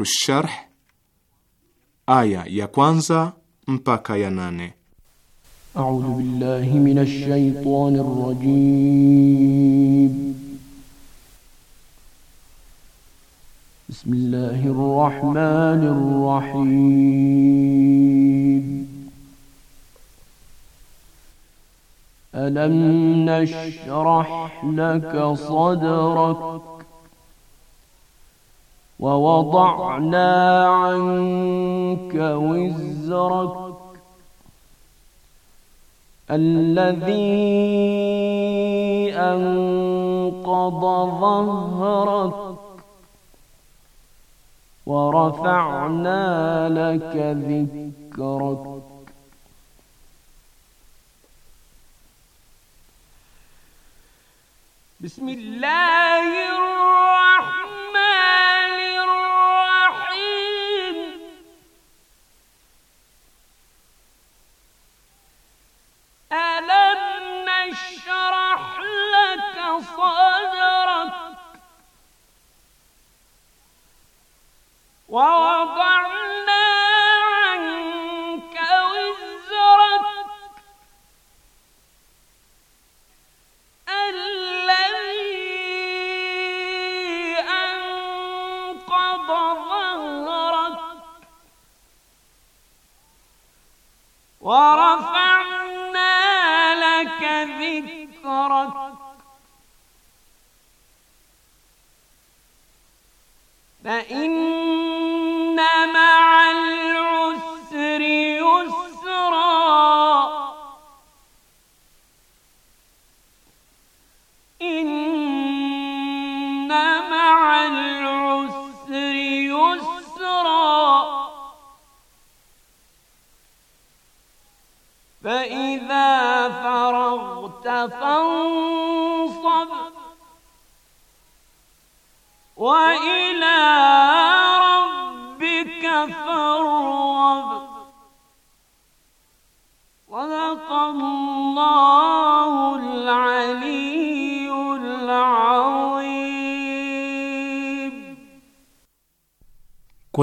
Suratu Sharh aya ya kwanza mpaka ya nane. A'udhu billahi minash shaitani rajim. Bismillahir rahmanir rahim. Alam nashrah laka sadrak ووضعنا عنك وزرك الذي أنقض ظهرك ورفعنا لك ذكرك بسم الله الرحمن صدرك ووضعنا عنك وزرك الذي أنقض ظهرك ورفعنا لك ذكرك فإن مع العسر يسرا إن مع العسر يسرا فإذا فرغت فانظر Kwa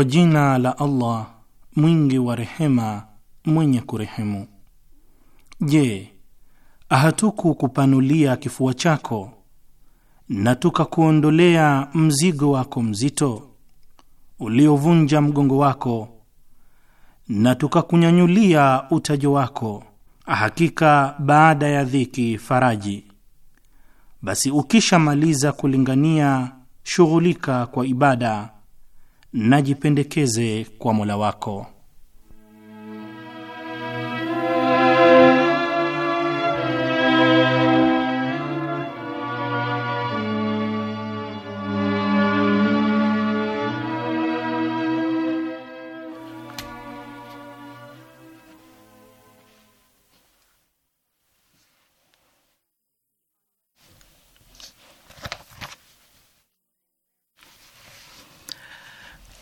jina la Allah mwingi wa rehema mwenye kurehemu. Je, hatukukupanulia kifua chako na tukakuondolea mzigo wako mzito uliovunja mgongo wako na tukakunyanyulia utajo wako, hakika baada ya dhiki faraji. Basi ukishamaliza kulingania, shughulika kwa ibada na jipendekeze kwa Mola wako.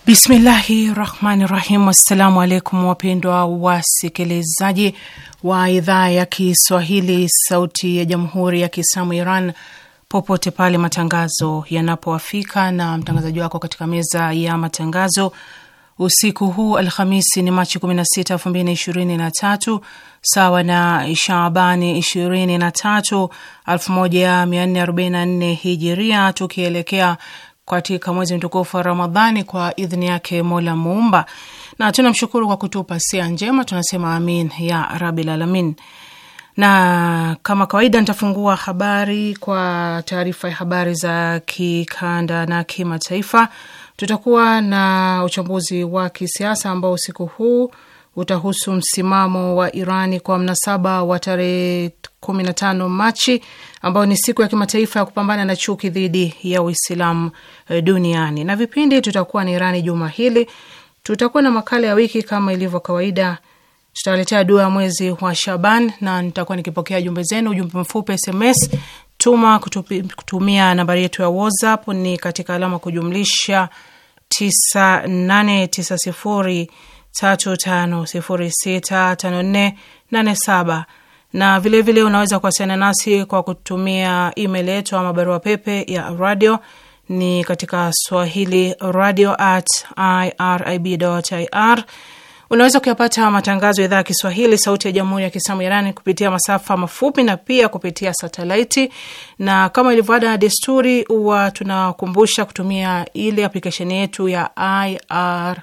Bismillahi rahmani rahim. Assalamu alaikum wapendwa wasikilizaji wa idhaa ya Kiswahili sauti ya jamhuri ya Kiislamu Iran popote pale matangazo yanapoafika na mtangazaji wako katika meza ya matangazo usiku huu Alhamisi ni Machi 16, 2023 sawa na Shaabani 23, 1444 hijiria tukielekea katika mwezi mtukufu wa Ramadhani kwa idhini yake Mola Muumba, na tunamshukuru kwa kutupa sia njema. Tunasema amin ya rabil alamin. Na kama kawaida, nitafungua habari kwa taarifa ya habari za kikanda na kimataifa. Tutakuwa na uchambuzi wa kisiasa ambao usiku huu utahusu msimamo wa Irani kwa mnasaba wa tarehe 15 Machi ambayo ni siku ya kimataifa ya kupambana na chuki dhidi ya Uislamu eh, duniani. Na vipindi tutakuwa na Irani juma hili, tutakuwa na makala ya wiki kama ilivyo kawaida, tutawaletea dua ya mwezi wa Shaban na nitakuwa nikipokea jumbe zenu, ujumbe mfupi SMS tuma kutupi, kutumia nambari yetu ya WhatsApp ni katika alama kujumlisha 9890 tatu tano sifuri sita tano nne nane saba na vilevile vile unaweza kuwasiliana nasi kwa kutumia email yetu ama barua pepe ya radio ni katika swahili radio at irib ir. Unaweza kuyapata matangazo ya idhaa ya Kiswahili sauti ya jamhuri ya kiislamu ya kupitia masafa mafupi na pia kupitia satelaiti, na kama ilivyoada desturi, huwa tunakumbusha kutumia ile aplikesheni yetu ya IR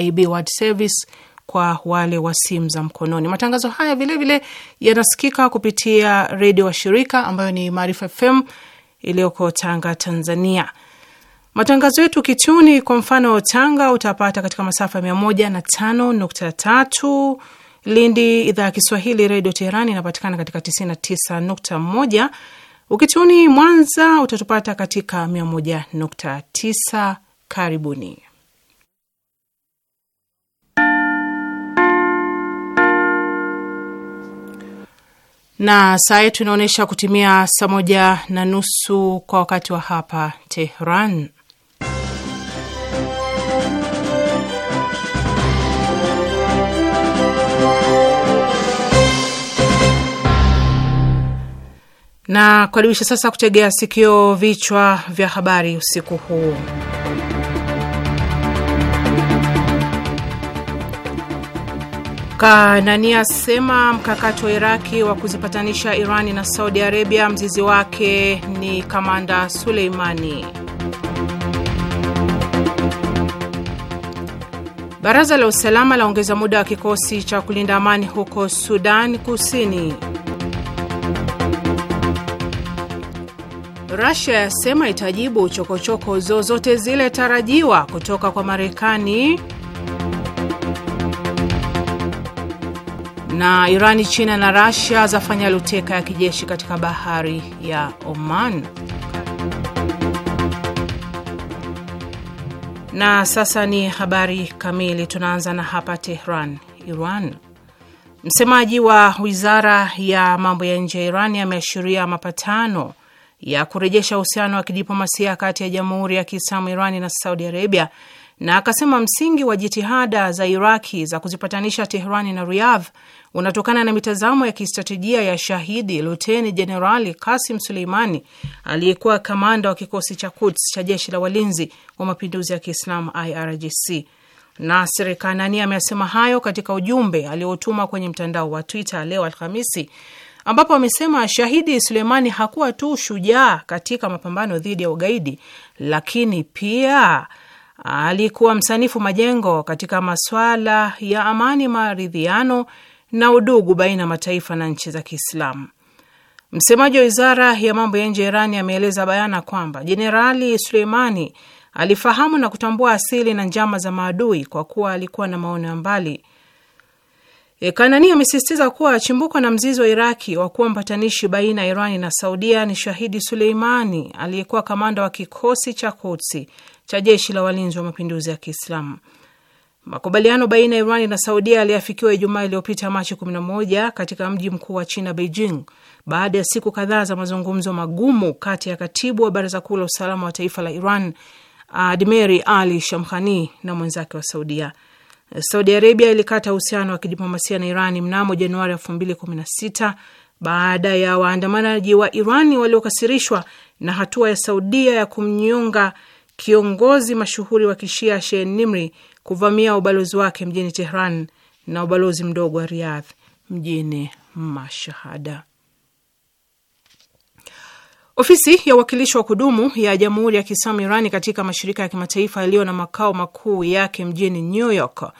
IB World Service kwa wale wa simu za mkononi. Matangazo haya vilevile yanasikika kupitia redio wa shirika ambayo ni Maarifa FM iliyoko Tanga, Tanzania. Matangazo yetu kichuni, kwa mfano Tanga utapata katika masafa ya mia moja na tano nukta tatu. Lindi, idhaa ya Kiswahili redio Teheran inapatikana katika tisini na tisa nukta moja. Ukichuni Mwanza utatupata katika mia moja nukta tisa. Karibuni. na saa yetu inaonyesha kutimia saa moja na nusu kwa wakati wa hapa Tehran. Na kukaribisha sasa kutegea sikio vichwa vya habari usiku huu. Kanani asema mkakati wa Iraki wa kuzipatanisha Irani na Saudi Arabia mzizi wake ni kamanda Suleimani. Baraza la usalama laongeza muda wa kikosi cha kulinda amani huko Sudan Kusini. Russia yasema itajibu chokochoko zozote zile tarajiwa kutoka kwa Marekani Na Irani, China na rasia zafanya luteka ya kijeshi katika bahari ya Oman. Na sasa ni habari kamili. Tunaanza na hapa Tehran, Iran. Msemaji wa wizara ya mambo ya nje ya Iran ameashiria mapatano ya kurejesha uhusiano wa kidiplomasia kati ya Jamhuri ya Kiislamu Irani na Saudi Arabia, na akasema msingi wa jitihada za Iraki za kuzipatanisha Teherani na Riyadh unatokana na mitazamo ya kistratejia ya shahidi luteni jenerali Kasim Suleimani aliyekuwa kamanda wa kikosi cha Quds cha jeshi la walinzi wa mapinduzi ya Kiislamu IRGC. Nasir Kanani amesema hayo katika ujumbe aliotuma kwenye mtandao wa Twitter leo Alhamisi, ambapo amesema shahidi Suleimani hakuwa tu shujaa katika mapambano dhidi ya ugaidi, lakini pia alikuwa msanifu majengo katika maswala ya amani, maridhiano na udugu baina ya mataifa na nchi za Kiislamu. Msemaji wa wizara ya mambo ya nje ya Irani ameeleza bayana kwamba Jenerali Suleimani alifahamu na kutambua asili na njama za maadui kwa kuwa alikuwa na maono ya mbali. E, Kanani amesisitiza kuwa chimbuko na mzizi wa Iraki wa kuwa mpatanishi baina ya Irani na Saudia ni shahidi Suleimani aliyekuwa kamanda wa kikosi cha Kutsi cha jeshi la walinzi wa mapinduzi ya Kiislamu. Makubaliano baina ya iran na Saudia yaliafikiwa Ijumaa iliyopita Machi 11 katika mji mkuu wa China, Beijing, baada ya siku kadhaa za mazungumzo magumu kati ya katibu wa Baraza Kuu la Usalama wa Taifa la Iran Admeri Ali Shamkhani na mwenzake wa Saudia. Saudi Arabia ilikata uhusiano wa kidiplomasia na iran mnamo Januari 2016 baada ya waandamanaji wa Irani waliokasirishwa na hatua ya Saudia ya kumnyonga kiongozi mashuhuri wa kishia Sheikh Nimri kuvamia ubalozi wake mjini Tehran na ubalozi mdogo wa Riyadh mjini Mashahada. Ofisi ya uwakilishi wa kudumu ya Jamhuri ya Kiislamu Irani katika mashirika ya kimataifa yaliyo na makao makuu yake mjini New York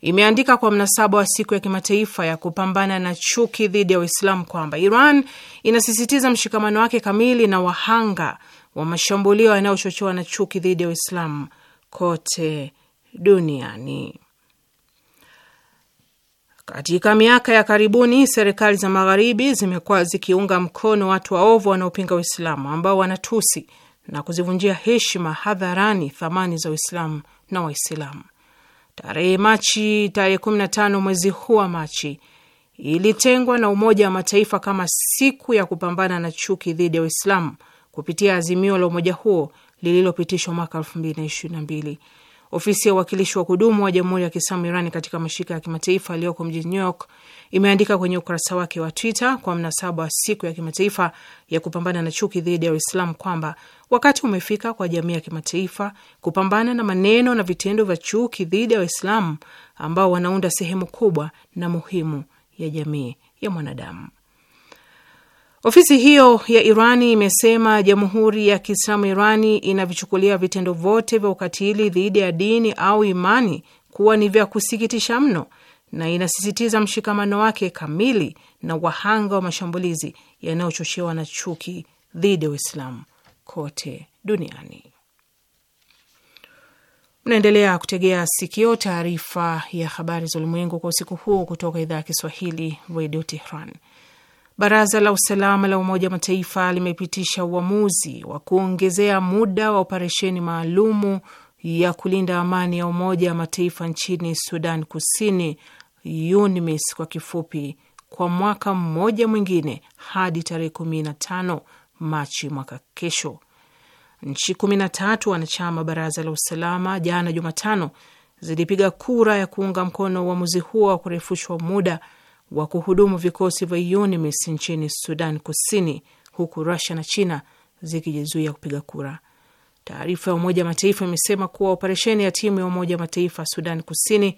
imeandika kwa mnasaba wa siku ya kimataifa ya kupambana na chuki dhidi ya Uislamu kwamba Iran inasisitiza mshikamano wake kamili na wahanga wa mashambulio yanayochochewa na chuki dhidi ya Uislamu kote duniani. Katika miaka ya karibuni serikali za magharibi zimekuwa zikiunga mkono watu waovu wanaopinga Uislamu ambao wanatusi na kuzivunjia heshima hadharani thamani za Uislamu na Waislamu. Tarehe Machi, tarehe 15 mwezi huu wa Machi ilitengwa na Umoja wa Mataifa kama siku ya kupambana na chuki dhidi ya Uislamu kupitia azimio la umoja huo lililopitishwa mwaka mbili. Ofisi ya uwakilishi wa kudumu wa Jamhuri ya Kiislamu Irani katika mashirika ya kimataifa yaliyoko mjini New York imeandika kwenye ukurasa wake wa Twitter kwa mnasaba wa siku ya kimataifa ya kupambana na chuki dhidi ya Uislamu kwamba wakati umefika kwa jamii ya kimataifa kupambana na maneno na vitendo vya chuki dhidi ya Waislamu ambao wanaunda sehemu kubwa na muhimu ya jamii ya mwanadamu. Ofisi hiyo ya Irani imesema jamhuri ya Kiislamu Irani inavichukulia vitendo vyote vya ukatili dhidi ya dini au imani kuwa ni vya kusikitisha mno na inasisitiza mshikamano wake kamili na wahanga wa mashambulizi yanayochochewa na chuki dhidi ya Uislamu kote duniani. Mnaendelea kutegea sikio taarifa ya habari za ulimwengu kwa usiku huu kutoka idhaa ya Kiswahili, Redio Tehran. Baraza la usalama la Umoja wa Mataifa limepitisha uamuzi wa kuongezea muda wa operesheni maalumu ya kulinda amani ya Umoja wa Mataifa nchini Sudan Kusini, UNMISS kwa kifupi, kwa mwaka mmoja mwingine hadi tarehe 15 Machi mwaka kesho. Nchi 13 wanachama baraza la usalama jana Jumatano zilipiga kura ya kuunga mkono uamuzi huo wa kurefushwa muda wa kuhudumu vikosi vya UNMISS nchini Sudan Kusini, huku Rusia na China zikijizuia kupiga kura. Taarifa ya Umoja wa Mataifa imesema kuwa operesheni ya timu ya Umoja wa Mataifa Sudan Kusini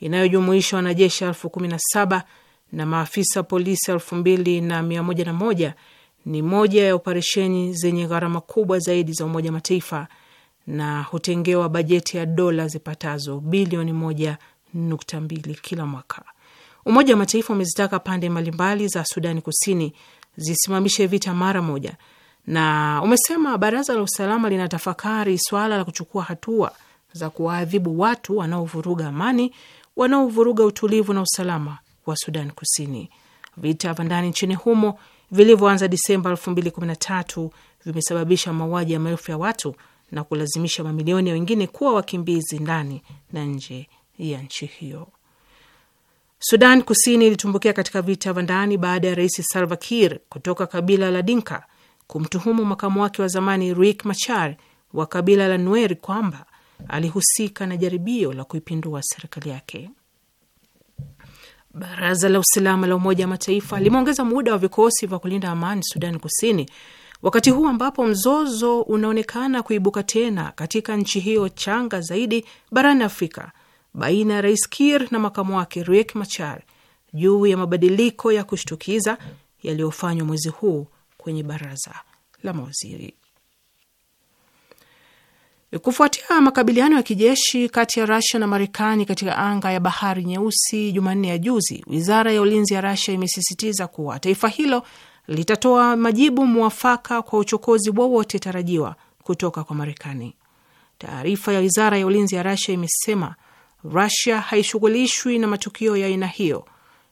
inayojumuisha wanajeshi elfu kumi na saba na maafisa polisi elfu mbili na mia moja na moja ni moja ya operesheni zenye gharama kubwa zaidi za Umoja wa Mataifa na hutengewa bajeti ya dola zipatazo bilioni moja nukta mbili kila mwaka. Umoja wa Mataifa umezitaka pande mbalimbali za Sudani Kusini zisimamishe vita mara moja, na umesema baraza la usalama linatafakari swala la kuchukua hatua za kuwaadhibu watu wanaovuruga amani, wanaovuruga utulivu na usalama wa Sudan Kusini. Vita vya ndani nchini humo vilivyoanza Disemba 2013 vimesababisha mauaji ya maelfu ya watu na kulazimisha mamilioni ya wengine kuwa wakimbizi ndani na nje ya nchi hiyo. Sudan Kusini ilitumbukia katika vita vya ndani baada ya Rais Salva Kiir kutoka kabila la Dinka kumtuhumu makamu wake wa zamani Riek Machar wa kabila la Nuer kwamba alihusika na jaribio la kuipindua serikali yake. Baraza la Usalama la Umoja wa Mataifa limeongeza muda wa vikosi vya kulinda amani sudani Kusini wakati huu ambapo mzozo unaonekana kuibuka tena katika nchi hiyo changa zaidi barani Afrika baina ya Rais kir na makamu wake Riek Machar juu ya mabadiliko ya kushtukiza yaliyofanywa mwezi huu kwenye baraza la mawaziri. Kufuatia makabiliano ya kijeshi kati ya Rasia na Marekani katika anga ya bahari Nyeusi Jumanne ya juzi, wizara ya ulinzi ya Rasia imesisitiza kuwa taifa hilo litatoa majibu mwafaka kwa uchokozi wowote tarajiwa kutoka kwa Marekani. Taarifa ya wizara ya ulinzi ya Rasia imesema Rusia haishughulishwi na matukio ya aina hiyo,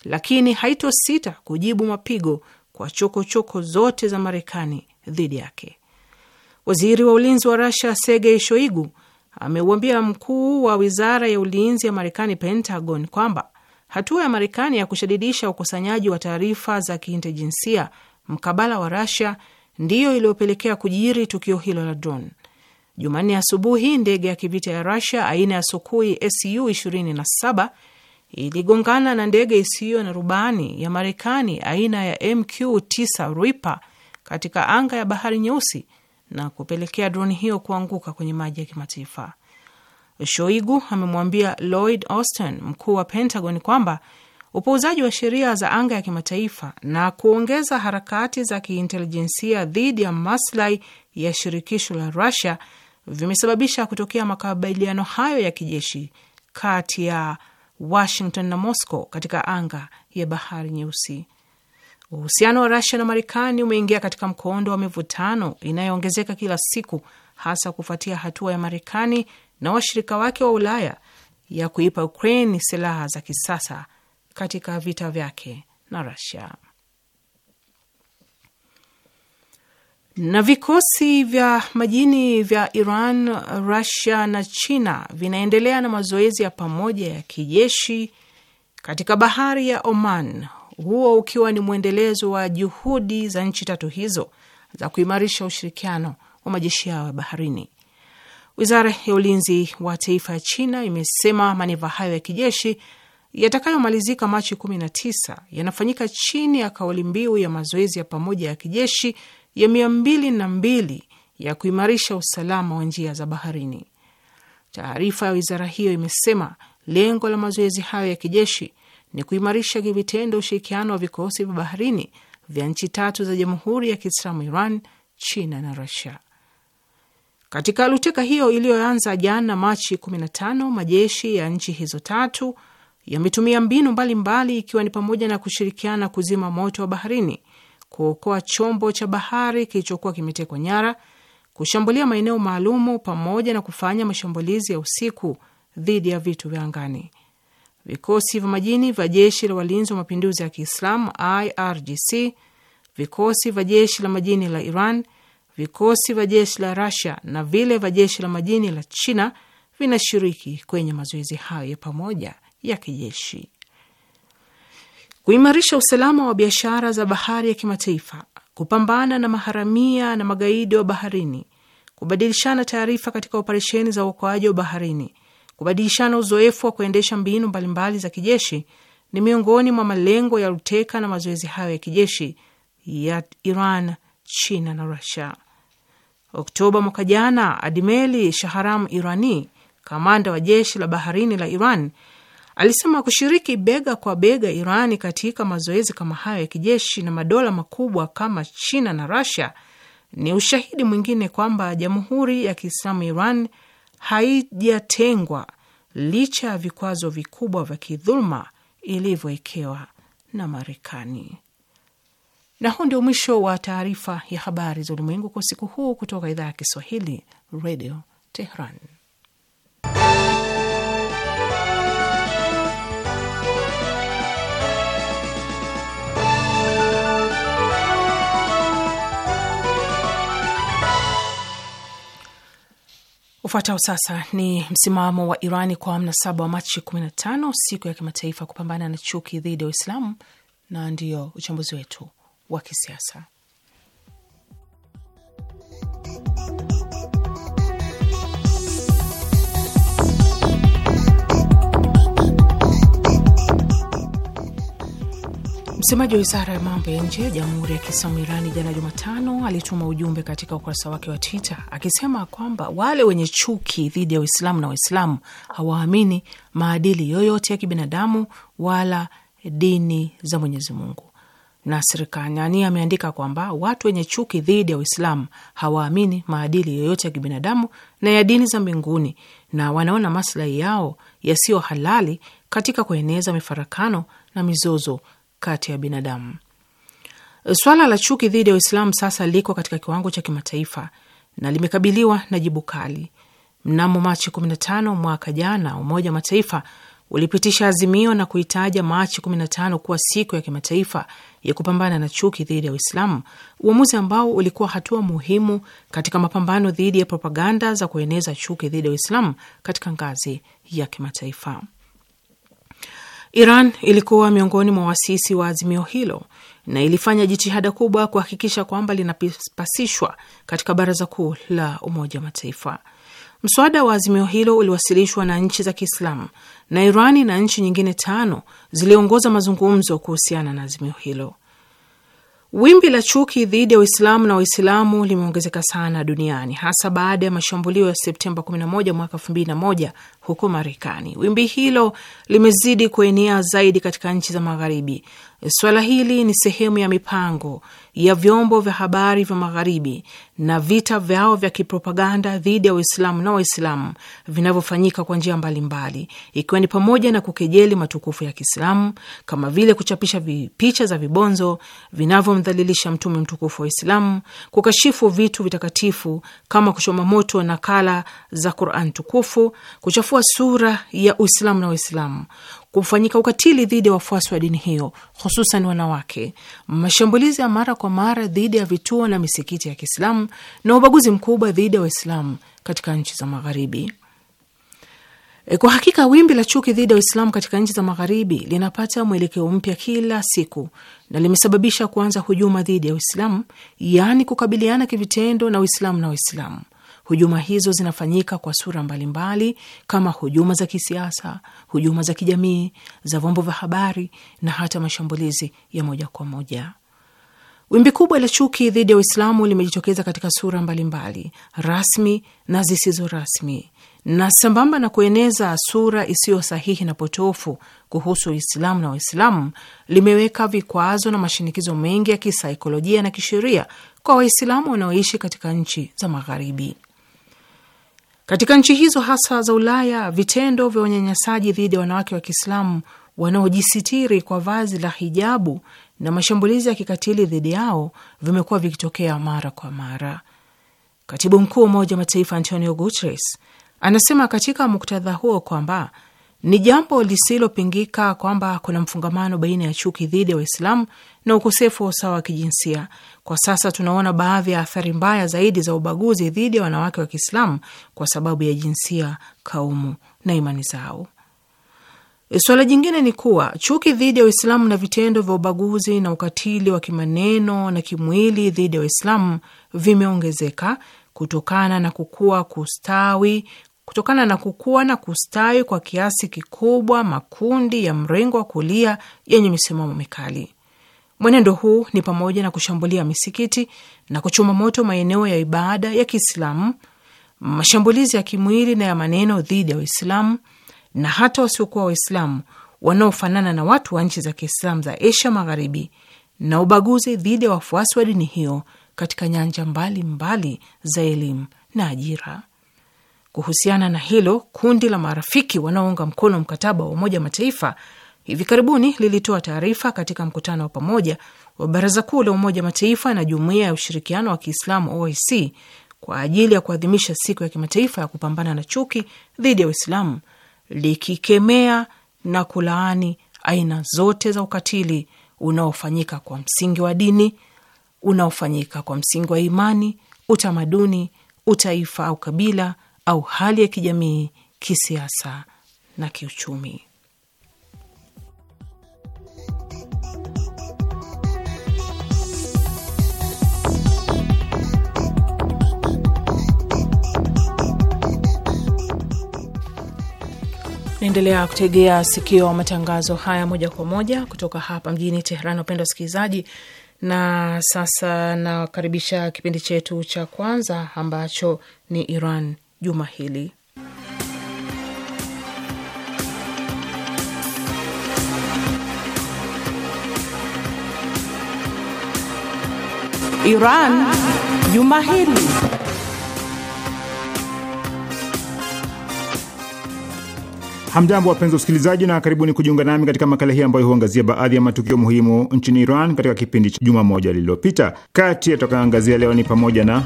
lakini haitosita kujibu mapigo kwa chokochoko choko zote za Marekani dhidi yake. Waziri wa ulinzi wa Rusia Sergei Shoigu ameuambia mkuu wa wizara ya ulinzi ya Marekani, Pentagon, kwamba hatua ya Marekani ya kushadidisha ukusanyaji wa taarifa za kiintelijensia mkabala wa Rusia ndiyo iliyopelekea kujiri tukio hilo la drone. Jumanne asubuhi ndege ya kivita ya Rusia aina ya Sukui su 27 iligongana na ndege isiyo na rubani ya Marekani aina ya MQ9 Reaper katika anga ya Bahari Nyeusi na kupelekea droni hiyo kuanguka kwenye maji ya kimataifa. Shoigu amemwambia Lloyd Austin, mkuu wa Pentagon, kwamba upuuzaji wa sheria za anga ya kimataifa na kuongeza harakati za kiintelijensia dhidi ya maslahi ya shirikisho la Rusia vimesababisha kutokea makabiliano hayo ya kijeshi kati ya Washington na Moscow katika anga ya bahari Nyeusi. Uhusiano wa Rusia na Marekani umeingia katika mkondo wa mivutano inayoongezeka kila siku, hasa kufuatia hatua ya Marekani na washirika wake wa Ulaya ya kuipa Ukraine silaha za kisasa katika vita vyake na Rusia. Na vikosi vya majini vya Iran, rusia na China vinaendelea na mazoezi ya pamoja ya kijeshi katika bahari ya Oman, huo ukiwa ni mwendelezo wa juhudi za nchi tatu hizo za kuimarisha ushirikiano wa majeshi yao ya baharini. Wizara ya ulinzi wa taifa ya China imesema maneva hayo ya kijeshi yatakayomalizika Machi 19 yanafanyika chini ya kauli mbiu ya mazoezi ya pamoja ya kijeshi ya mia mbili na mbili ya kuimarisha usalama wa njia za baharini. Taarifa ya wizara hiyo imesema lengo la mazoezi hayo ya kijeshi ni kuimarisha kivitendo ushirikiano wa vikosi vya baharini vya nchi tatu za Jamhuri ya Kiislamu Iran, China na Rusia. Katika luteka hiyo iliyoanza jana Machi 15, majeshi ya nchi hizo tatu yametumia mbinu mbalimbali mbali, ikiwa ni pamoja na kushirikiana kuzima moto wa baharini kuokoa chombo cha bahari kilichokuwa kimetekwa nyara, kushambulia maeneo maalumu, pamoja na kufanya mashambulizi ya usiku dhidi ya vitu vya angani. Vikosi vya majini vya jeshi la walinzi wa mapinduzi ya Kiislamu IRGC, vikosi vya jeshi la majini la Iran, vikosi vya jeshi la rasia na vile vya jeshi la majini la China vinashiriki kwenye mazoezi hayo ya pamoja ya kijeshi kuimarisha usalama wa biashara za bahari ya kimataifa, kupambana na maharamia na magaidi wa baharini, kubadilishana taarifa katika operesheni za uokoaji wa baharini, kubadilishana uzoefu wa kuendesha mbinu mbalimbali za kijeshi ni miongoni mwa malengo ya Luteka na mazoezi hayo ya kijeshi ya Iran, China na Rusia. Oktoba mwaka jana, Admeli shaharam Irani, kamanda wa jeshi la baharini la Iran, Alisema kushiriki bega kwa bega Irani katika mazoezi kama hayo ya kijeshi na madola makubwa kama China na rasia ni ushahidi mwingine kwamba Jamhuri ya Kiislamu Iran haijatengwa licha ya vikwazo vikubwa vya kidhuluma ilivyowekewa na Marekani. Na huu ndio mwisho wa taarifa ya habari za ulimwengu kwa usiku huu kutoka idhaa ya Kiswahili, Radio Tehran. Ufuatao sasa ni msimamo wa Irani kwa mnasaba wa Machi 15 siku ya kimataifa kupambana na chuki dhidi ya Uislamu, na ndiyo uchambuzi wetu wa kisiasa. Msemaji wa wizara ya mambo ya nje ya Jamhuri ya Kiislamu Irani jana Jumatano alituma ujumbe katika ukurasa wake wa Twitter akisema kwamba wale wenye chuki dhidi ya Uislamu na Waislamu hawaamini maadili yoyote ya kibinadamu wala dini za Mwenyezi Mungu. Nasri Kanani ameandika kwamba watu wenye chuki dhidi ya Uislamu hawaamini maadili yoyote ya kibinadamu na ya dini za mbinguni na wanaona maslahi yao yasiyo halali katika kueneza mifarakano na mizozo kati ya binadamu. Swala la chuki dhidi ya Uislamu sasa liko katika kiwango cha kimataifa na limekabiliwa na jibu kali. Mnamo Machi 15 mwaka jana, Umoja wa Mataifa ulipitisha azimio na kuitaja Machi 15 kuwa siku ya kimataifa ya kupambana na chuki dhidi ya Uislamu, uamuzi ambao ulikuwa hatua muhimu katika mapambano dhidi ya propaganda za kueneza chuki dhidi ya Uislamu katika ngazi ya kimataifa. Iran ilikuwa miongoni mwa wasisi wa azimio hilo na ilifanya jitihada kubwa kuhakikisha kwamba linapasishwa katika baraza kuu la Umoja wa Mataifa. Mswada wa azimio hilo uliwasilishwa na nchi za Kiislamu na Irani na nchi nyingine tano ziliongoza mazungumzo kuhusiana na azimio hilo. Wimbi la chuki dhidi ya Uislamu na Waislamu limeongezeka sana duniani hasa baada ya mashambulio ya Septemba 11 mwaka 2001 huko Marekani. Wimbi hilo limezidi kuenea zaidi katika nchi za Magharibi. Swala hili ni sehemu ya mipango ya vyombo vya habari vya Magharibi na vita vyao vya kipropaganda dhidi ya Uislamu na Waislamu vinavyofanyika kwa njia mbalimbali, ikiwa ni pamoja na kukejeli matukufu ya Kiislamu kama vile kuchapisha picha za vibonzo vinavyomdhalilisha mtume mtukufu wa Uislamu, kukashifu vitu vitakatifu kama kuchoma moto nakala za Quran tukufu, kuchafua sura ya Uislamu na Waislamu, kufanyika ukatili dhidi ya wafuasi wa dini hiyo, hususan wanawake, mashambulizi ya mara kwa mara dhidi ya vituo na misikiti ya Kiislamu na ubaguzi mkubwa dhidi ya Waislamu katika nchi za Magharibi. E, kwa hakika wimbi la chuki dhidi ya Waislamu katika nchi za Magharibi linapata mwelekeo mpya kila siku na limesababisha kuanza hujuma dhidi ya Uislamu, yaani kukabiliana kivitendo na Uislamu na Waislamu Hujuma hizo zinafanyika kwa sura mbalimbali mbali, kama hujuma za kisiasa, hujuma za kijamii, za vyombo vya habari na hata mashambulizi ya moja kwa moja. Wimbi kubwa la chuki dhidi ya Uislamu limejitokeza katika sura mbalimbali mbali, rasmi na zisizo rasmi, na sambamba na kueneza sura isiyo sahihi na potofu kuhusu Uislamu na Waislamu, limeweka vikwazo na mashinikizo mengi ya kisaikolojia na kisheria kwa Waislamu wanaoishi katika nchi za Magharibi. Katika nchi hizo hasa za Ulaya, vitendo vya unyanyasaji dhidi ya wanawake wa Kiislamu wanaojisitiri kwa vazi la hijabu na mashambulizi ya kikatili dhidi yao vimekuwa vikitokea mara kwa mara. Katibu mkuu wa Umoja wa Mataifa Antonio Guterres anasema katika muktadha huo kwamba ni jambo lisilopingika kwamba kuna mfungamano baina ya chuki dhidi ya Waislamu na ukosefu wa usawa wa kijinsia. Kwa sasa tunaona baadhi ya athari mbaya zaidi za ubaguzi dhidi ya wanawake wa Kiislamu kwa sababu ya jinsia, kaumu na imani zao. E, suala jingine ni kuwa chuki dhidi ya Waislamu na vitendo vya ubaguzi na ukatili wa kimaneno na kimwili dhidi ya Waislamu vimeongezeka kutokana na kukua, kustawi, kutokana na kukua na kustawi kwa kiasi kikubwa makundi ya mrengo wa kulia yenye misimamo mikali. Mwenendo huu ni pamoja na kushambulia misikiti na kuchoma moto maeneo ya ibada ya Kiislamu, mashambulizi ya kimwili na ya maneno dhidi ya Waislamu na hata wasiokuwa Waislamu wanaofanana na watu wa nchi za Kiislamu za Asia Magharibi na ubaguzi dhidi ya wafuasi wa dini hiyo katika nyanja mbalimbali mbali za elimu na ajira. Kuhusiana na hilo, kundi la marafiki wanaounga mkono mkataba wa Umoja Mataifa hivi karibuni lilitoa taarifa katika mkutano wa pamoja wa Baraza Kuu la Umoja Mataifa na Jumuiya ya Ushirikiano wa Kiislamu OIC kwa ajili ya kuadhimisha siku ya kimataifa ya kupambana na chuki dhidi ya Uislamu, likikemea na kulaani aina zote za ukatili unaofanyika kwa msingi wa dini, unaofanyika kwa msingi wa imani, utamaduni, utaifa au kabila, au hali ya kijamii, kisiasa na kiuchumi. Naendelea kutegea sikio matangazo haya moja kwa moja kutoka hapa mjini Teheran, wapenda wasikilizaji. Na sasa nawakaribisha kipindi chetu cha kwanza ambacho ni Iran juma hili. Iran juma hili. Hamjambo, wapenzi usikilizaji na karibuni kujiunga nami katika makala hii ambayo huangazia baadhi ya matukio muhimu nchini Iran katika kipindi cha juma moja lililopita. Kati yatakaangazia leo ni pamoja na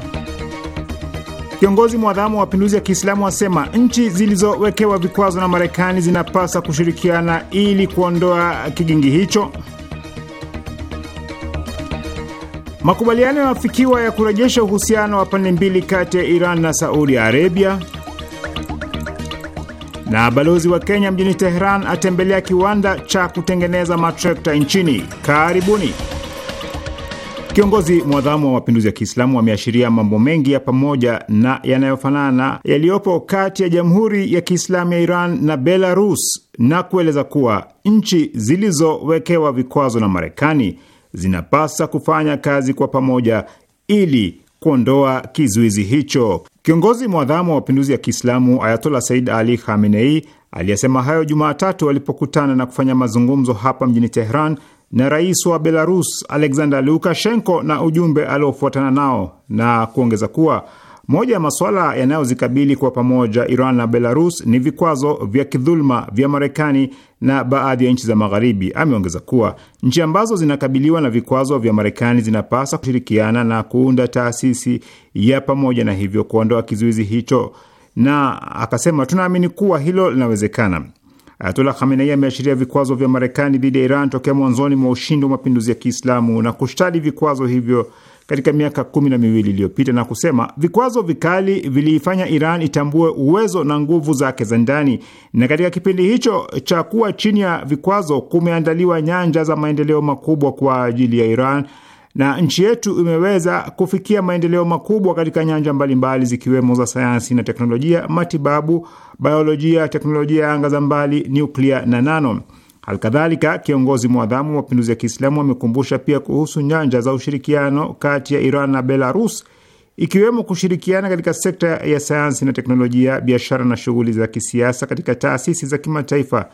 Kiongozi mwadhamu wa mapinduzi ya Kiislamu asema nchi zilizowekewa vikwazo na Marekani zinapasa kushirikiana ili kuondoa kigingi hicho. Makubaliano yamefikiwa ya kurejesha uhusiano wa pande mbili kati ya Iran na Saudi Arabia. Na balozi wa Kenya mjini Teheran atembelea kiwanda cha kutengeneza matrekta nchini. Karibuni. Kiongozi mwadhamu wa mapinduzi ya Kiislamu ameashiria mambo mengi ya pamoja na yanayofanana yaliyopo kati ya Jamhuri ya Kiislamu ya Iran na Belarus na kueleza kuwa nchi zilizowekewa vikwazo na Marekani zinapasa kufanya kazi kwa pamoja ili kuondoa kizuizi hicho. Kiongozi mwadhamu wa mapinduzi ya Kiislamu Ayatola Said Ali Khamenei aliyesema hayo Jumatatu alipokutana na kufanya mazungumzo hapa mjini Tehran na rais wa Belarus Alexander Lukashenko na ujumbe aliofuatana nao, na kuongeza kuwa moja ya masuala yanayozikabili kwa pamoja Iran na Belarus ni vikwazo vya kidhuluma vya Marekani na baadhi ya nchi za Magharibi. Ameongeza kuwa nchi ambazo zinakabiliwa na vikwazo vya Marekani zinapaswa kushirikiana na kuunda taasisi ya pamoja, na hivyo kuondoa kizuizi hicho, na akasema tunaamini kuwa hilo linawezekana. Ayatollah Khamenei ameashiria vikwazo vya Marekani dhidi ya Iran tokea mwanzoni mwa ushindi wa mapinduzi ya Kiislamu na kushtadi vikwazo hivyo katika miaka kumi na miwili iliyopita na kusema vikwazo vikali viliifanya Iran itambue uwezo na nguvu zake za ndani, na katika kipindi hicho cha kuwa chini ya vikwazo kumeandaliwa nyanja za maendeleo makubwa kwa ajili ya Iran na nchi yetu imeweza kufikia maendeleo makubwa katika nyanja mbalimbali zikiwemo za sayansi na teknolojia, matibabu, biolojia, teknolojia ya anga za mbali, nyuklia na nano. alkadhalika kiongozi mwadhamu wa mapinduzi ya Kiislamu amekumbusha pia kuhusu nyanja za ushirikiano kati ya Iran na Belarus, ikiwemo kushirikiana katika sekta ya sayansi na teknolojia, biashara na shughuli za kisiasa katika taasisi za kimataifa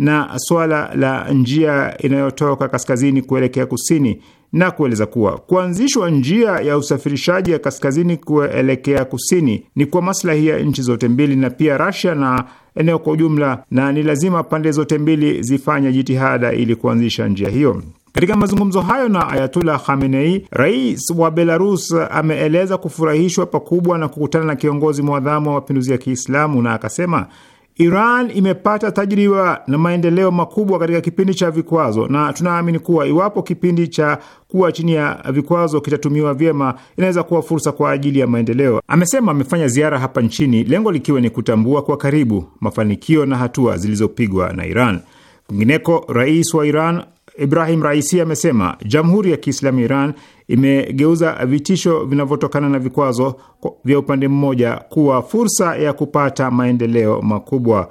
na swala la njia inayotoka kaskazini kuelekea kusini na kueleza kuwa kuanzishwa njia ya usafirishaji ya kaskazini kuelekea kusini ni kwa maslahi ya nchi zote mbili na pia Russia na eneo kwa ujumla, na ni lazima pande zote mbili zifanye jitihada ili kuanzisha njia hiyo. Katika mazungumzo hayo na Ayatullah Khamenei, rais wa Belarus ameeleza kufurahishwa pakubwa na kukutana na kiongozi mwadhamu wa mapinduzi ya Kiislamu na akasema Iran imepata tajriba na maendeleo makubwa katika kipindi cha vikwazo, na tunaamini kuwa iwapo kipindi cha kuwa chini ya vikwazo kitatumiwa vyema, inaweza kuwa fursa kwa ajili ya maendeleo, amesema. Amefanya ziara hapa nchini, lengo likiwa ni kutambua kwa karibu mafanikio na hatua zilizopigwa na Iran. Kwingineko, rais wa Iran Ibrahim Raisi amesema Jamhuri ya Kiislamu Iran imegeuza vitisho vinavyotokana na vikwazo vya upande mmoja kuwa fursa ya kupata maendeleo makubwa.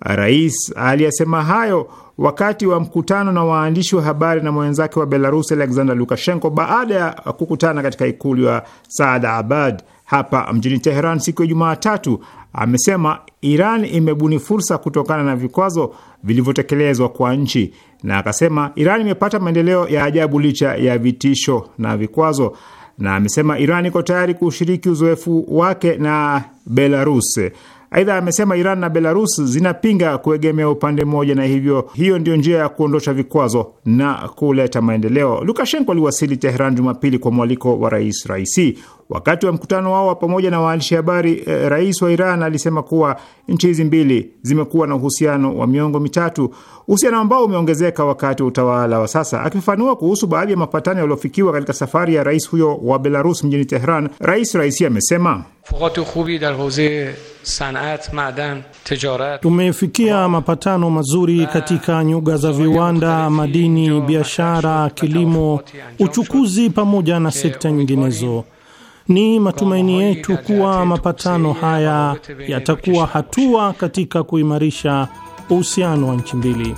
Rais aliyesema hayo wakati wa mkutano na waandishi wa habari na mwenzake wa Belarus Alexander Lukashenko baada ya kukutana katika ikulu ya saad abad hapa mjini Teheran siku ya Jumatatu. Amesema Iran imebuni fursa kutokana na vikwazo vilivyotekelezwa kwa nchi na akasema Iran imepata maendeleo ya ajabu licha ya vitisho na vikwazo, na amesema Iran iko tayari kushiriki uzoefu wake na Belarus. Aidha amesema Iran na Belarus zinapinga kuegemea upande mmoja, na hivyo hiyo ndio njia ya kuondosha vikwazo na kuleta maendeleo. Lukashenko aliwasili Teheran Jumapili kwa mwaliko wa rais Raisi Wakati wa mkutano wao wa pamoja na waandishi habari, e, rais wa Iran alisema kuwa nchi hizi mbili zimekuwa na uhusiano wa miongo mitatu, uhusiano ambao umeongezeka wakati wa utawala wa sasa. Akifafanua kuhusu baadhi ya mapatano yaliyofikiwa katika safari ya rais huyo wa Belarus mjini Tehran, Rais Raisi amesema tumefikia mapatano mazuri katika nyuga za viwanda, madini, biashara, kilimo, uchukuzi pamoja na sekta nyinginezo. Ni matumaini yetu kuwa mapatano haya yatakuwa hatua katika kuimarisha uhusiano wa nchi mbili.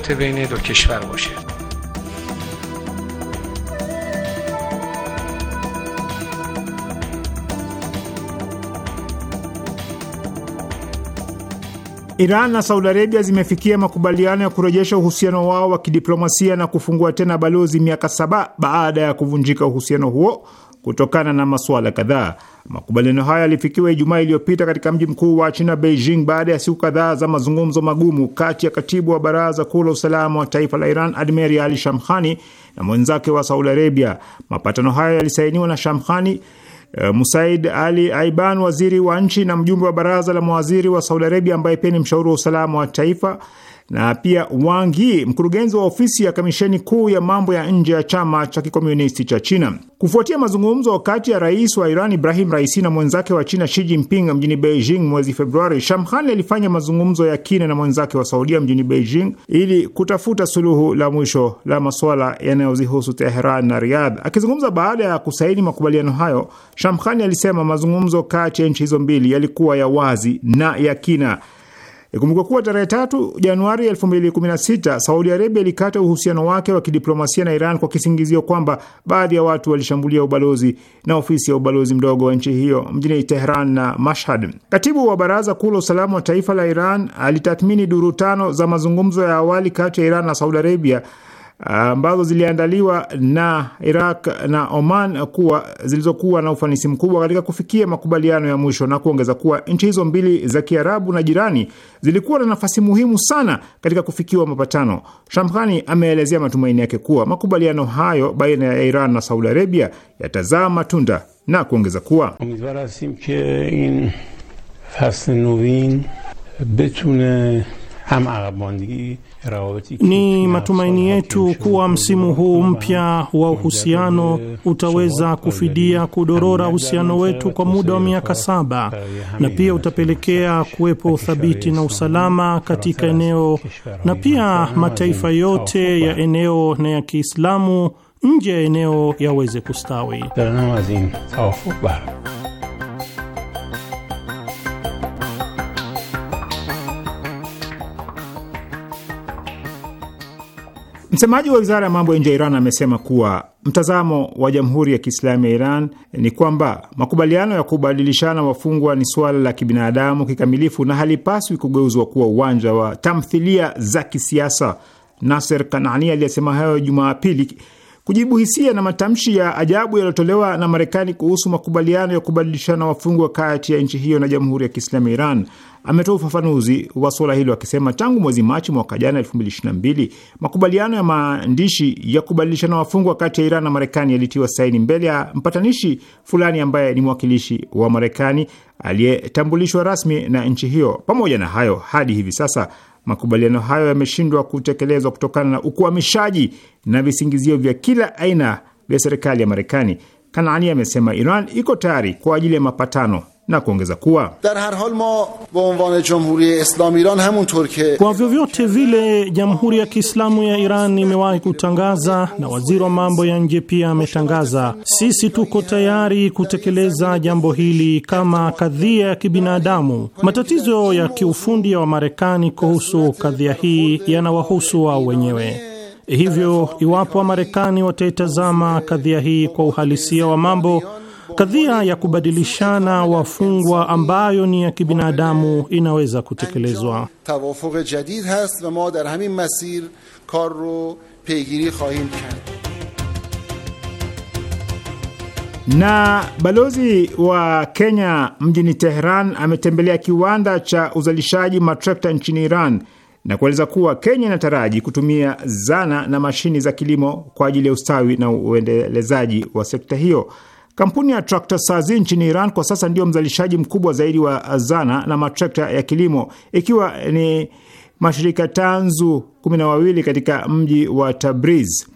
Iran na Saudi Arabia zimefikia makubaliano ya kurejesha uhusiano wao wa kidiplomasia na kufungua tena balozi miaka saba baada ya kuvunjika uhusiano huo kutokana na masuala kadhaa. Makubaliano hayo yalifikiwa Ijumaa iliyopita katika mji mkuu wa China, Beijing, baada ya siku kadhaa za mazungumzo magumu kati ya katibu wa baraza kuu la usalama wa taifa la Iran, Admeri Ali Shamkhani, na mwenzake wa Saudi Arabia. Mapatano hayo yalisainiwa na Shamkhani, eh, Musaid Ali Aiban, waziri wa nchi na mjumbe wa baraza la mawaziri wa Saudi Arabia, ambaye pia ni mshauri wa usalama wa taifa na pia Wangi, mkurugenzi wa ofisi ya kamisheni kuu ya mambo ya nje ya chama cha kikomunisti cha China. Kufuatia mazungumzo kati ya rais wa Iran Ibrahim Raisi na mwenzake wa China Xi Jinping mjini Beijing mwezi Februari, Shamkhani alifanya mazungumzo ya kina na mwenzake wa Saudia mjini Beijing ili kutafuta suluhu la mwisho la masuala yanayozihusu Teheran na Riyadh. Akizungumza baada ya kusaini makubaliano hayo, Shamkhani alisema mazungumzo kati ya nchi hizo mbili yalikuwa ya wazi na ya kina Ikumbukwa kuwa tarehe tatu Januari 2016 Saudi Arabia ilikata uhusiano wake wa kidiplomasia na Iran kwa kisingizio kwamba baadhi ya watu walishambulia ubalozi na ofisi ya ubalozi mdogo wa nchi hiyo mjini Tehran na Mashhad. Katibu wa Baraza Kuu la Usalama wa Taifa la Iran alitathmini duru tano za mazungumzo ya awali kati ya Iran na Saudi Arabia ambazo ziliandaliwa na Iraq na Oman kuwa zilizokuwa na ufanisi mkubwa katika kufikia makubaliano ya mwisho, na kuongeza kuwa nchi hizo mbili za Kiarabu na jirani zilikuwa na nafasi muhimu sana katika kufikiwa mapatano. Shamkhani ameelezea matumaini yake kuwa makubaliano hayo baina ya Iran na Saudi Arabia yatazaa matunda na kuongeza kuwa ni matumaini yetu kuwa msimu huu mpya wa uhusiano utaweza kufidia kudorora uhusiano wetu kwa muda wa miaka saba na pia utapelekea kuwepo uthabiti na usalama katika eneo na pia mataifa yote ya eneo na ya Kiislamu nje ya eneo yaweze kustawi. Msemaji wa wizara ya mambo ya nje ya Iran amesema kuwa mtazamo wa Jamhuri ya Kiislamu ya Iran ni kwamba makubaliano ya kubadilishana wafungwa ni suala la kibinadamu kikamilifu na halipaswi kugeuzwa kuwa uwanja wa tamthilia za kisiasa. naser Kanani aliyesema hayo Jumapili kujibu hisia na matamshi ya ajabu yaliyotolewa na Marekani kuhusu makubaliano ya kubadilishana wafungwa kati ya nchi hiyo na Jamhuri ya Kiislamu ya Iran. Ametoa ufafanuzi wa suala hilo akisema, tangu mwezi Machi mwaka jana 2022 makubaliano ya maandishi ya kubadilishana wafungwa kati ya Iran na Marekani yalitiwa saini mbele ya mpatanishi fulani ambaye ni mwakilishi wa Marekani aliyetambulishwa rasmi na nchi hiyo. Pamoja na hayo, hadi hivi sasa makubaliano hayo yameshindwa kutekelezwa kutokana na ukwamishaji na visingizio vya kila aina vya serikali ya Marekani. Kanaani amesema Iran iko tayari kwa ajili ya mapatano na kuongeza kuwa kwa vyovyote vile Jamhuri ya Kiislamu ya Iran imewahi kutangaza na waziri wa mambo ya nje pia ametangaza, sisi tuko tayari kutekeleza jambo hili kama kadhia ya kibinadamu. Matatizo ya kiufundi ya Wamarekani kuhusu kadhia hii yanawahusu wao wenyewe. Hivyo iwapo Wamarekani wataitazama kadhia hii kwa uhalisia wa mambo Kadhia ya kubadilishana wafungwa ambayo ni ya kibinadamu inaweza kutekelezwa. Na balozi wa Kenya mjini Tehran ametembelea kiwanda cha uzalishaji matrekta nchini Iran na kueleza kuwa Kenya inataraji kutumia zana na mashini za kilimo kwa ajili ya ustawi na uendelezaji wa sekta hiyo. Kampuni ya Trakta Sazi nchini Iran kwa sasa ndiyo mzalishaji mkubwa zaidi wa zana na matrakta ya kilimo, ikiwa ni mashirika tanzu kumi na wawili katika mji wa Tabriz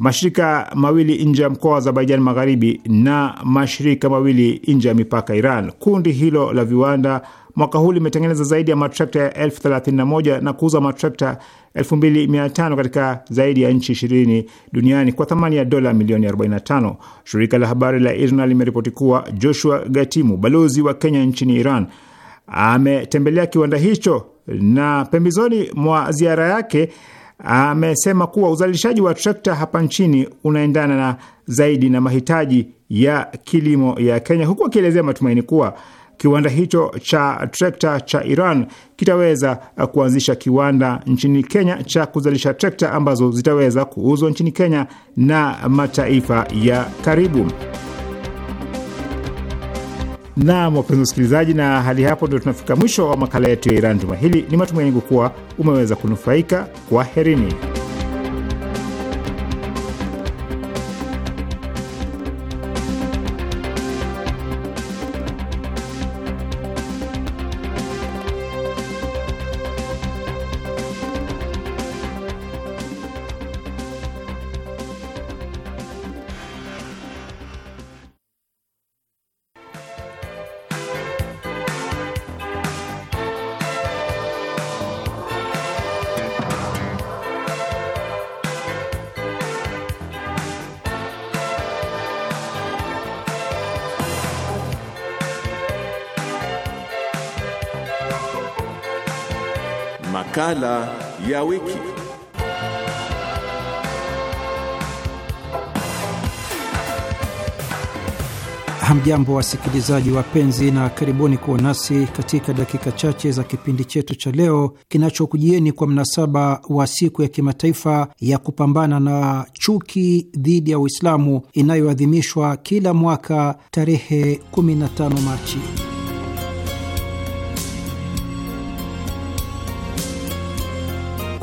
mashirika mawili nje ya mkoa wa Azerbaijan Magharibi na mashirika mawili nje ya mipaka Iran. Kundi hilo la viwanda mwaka huu limetengeneza zaidi ya matrekta ya elfu thelathini na moja na kuuza matrekta elfu mbili mia tano katika zaidi ya nchi ishirini duniani kwa thamani ya dola milioni 45. Shirika la habari la IRNA limeripoti kuwa Joshua Gatimu, balozi wa Kenya nchini Iran, ametembelea kiwanda hicho na pembezoni mwa ziara yake amesema kuwa uzalishaji wa trekta hapa nchini unaendana na zaidi na mahitaji ya kilimo ya Kenya, huku akielezea matumaini kuwa kiwanda hicho cha trekta cha Iran kitaweza kuanzisha kiwanda nchini Kenya cha kuzalisha trekta ambazo zitaweza kuuzwa nchini Kenya na mataifa ya karibu. Naam wapenzi wasikilizaji, na hali hapo ndio tunafika mwisho wa makala yetu ya Iran juma hili. Ni matumaini yangu kuwa umeweza kunufaika. Kwaherini. Hamjambo wasikilizaji wapenzi, na karibuni kuwa nasi katika dakika chache za kipindi chetu cha leo kinachokujieni kwa mnasaba wa siku ya kimataifa ya kupambana na chuki dhidi ya Uislamu inayoadhimishwa kila mwaka tarehe 15 Machi.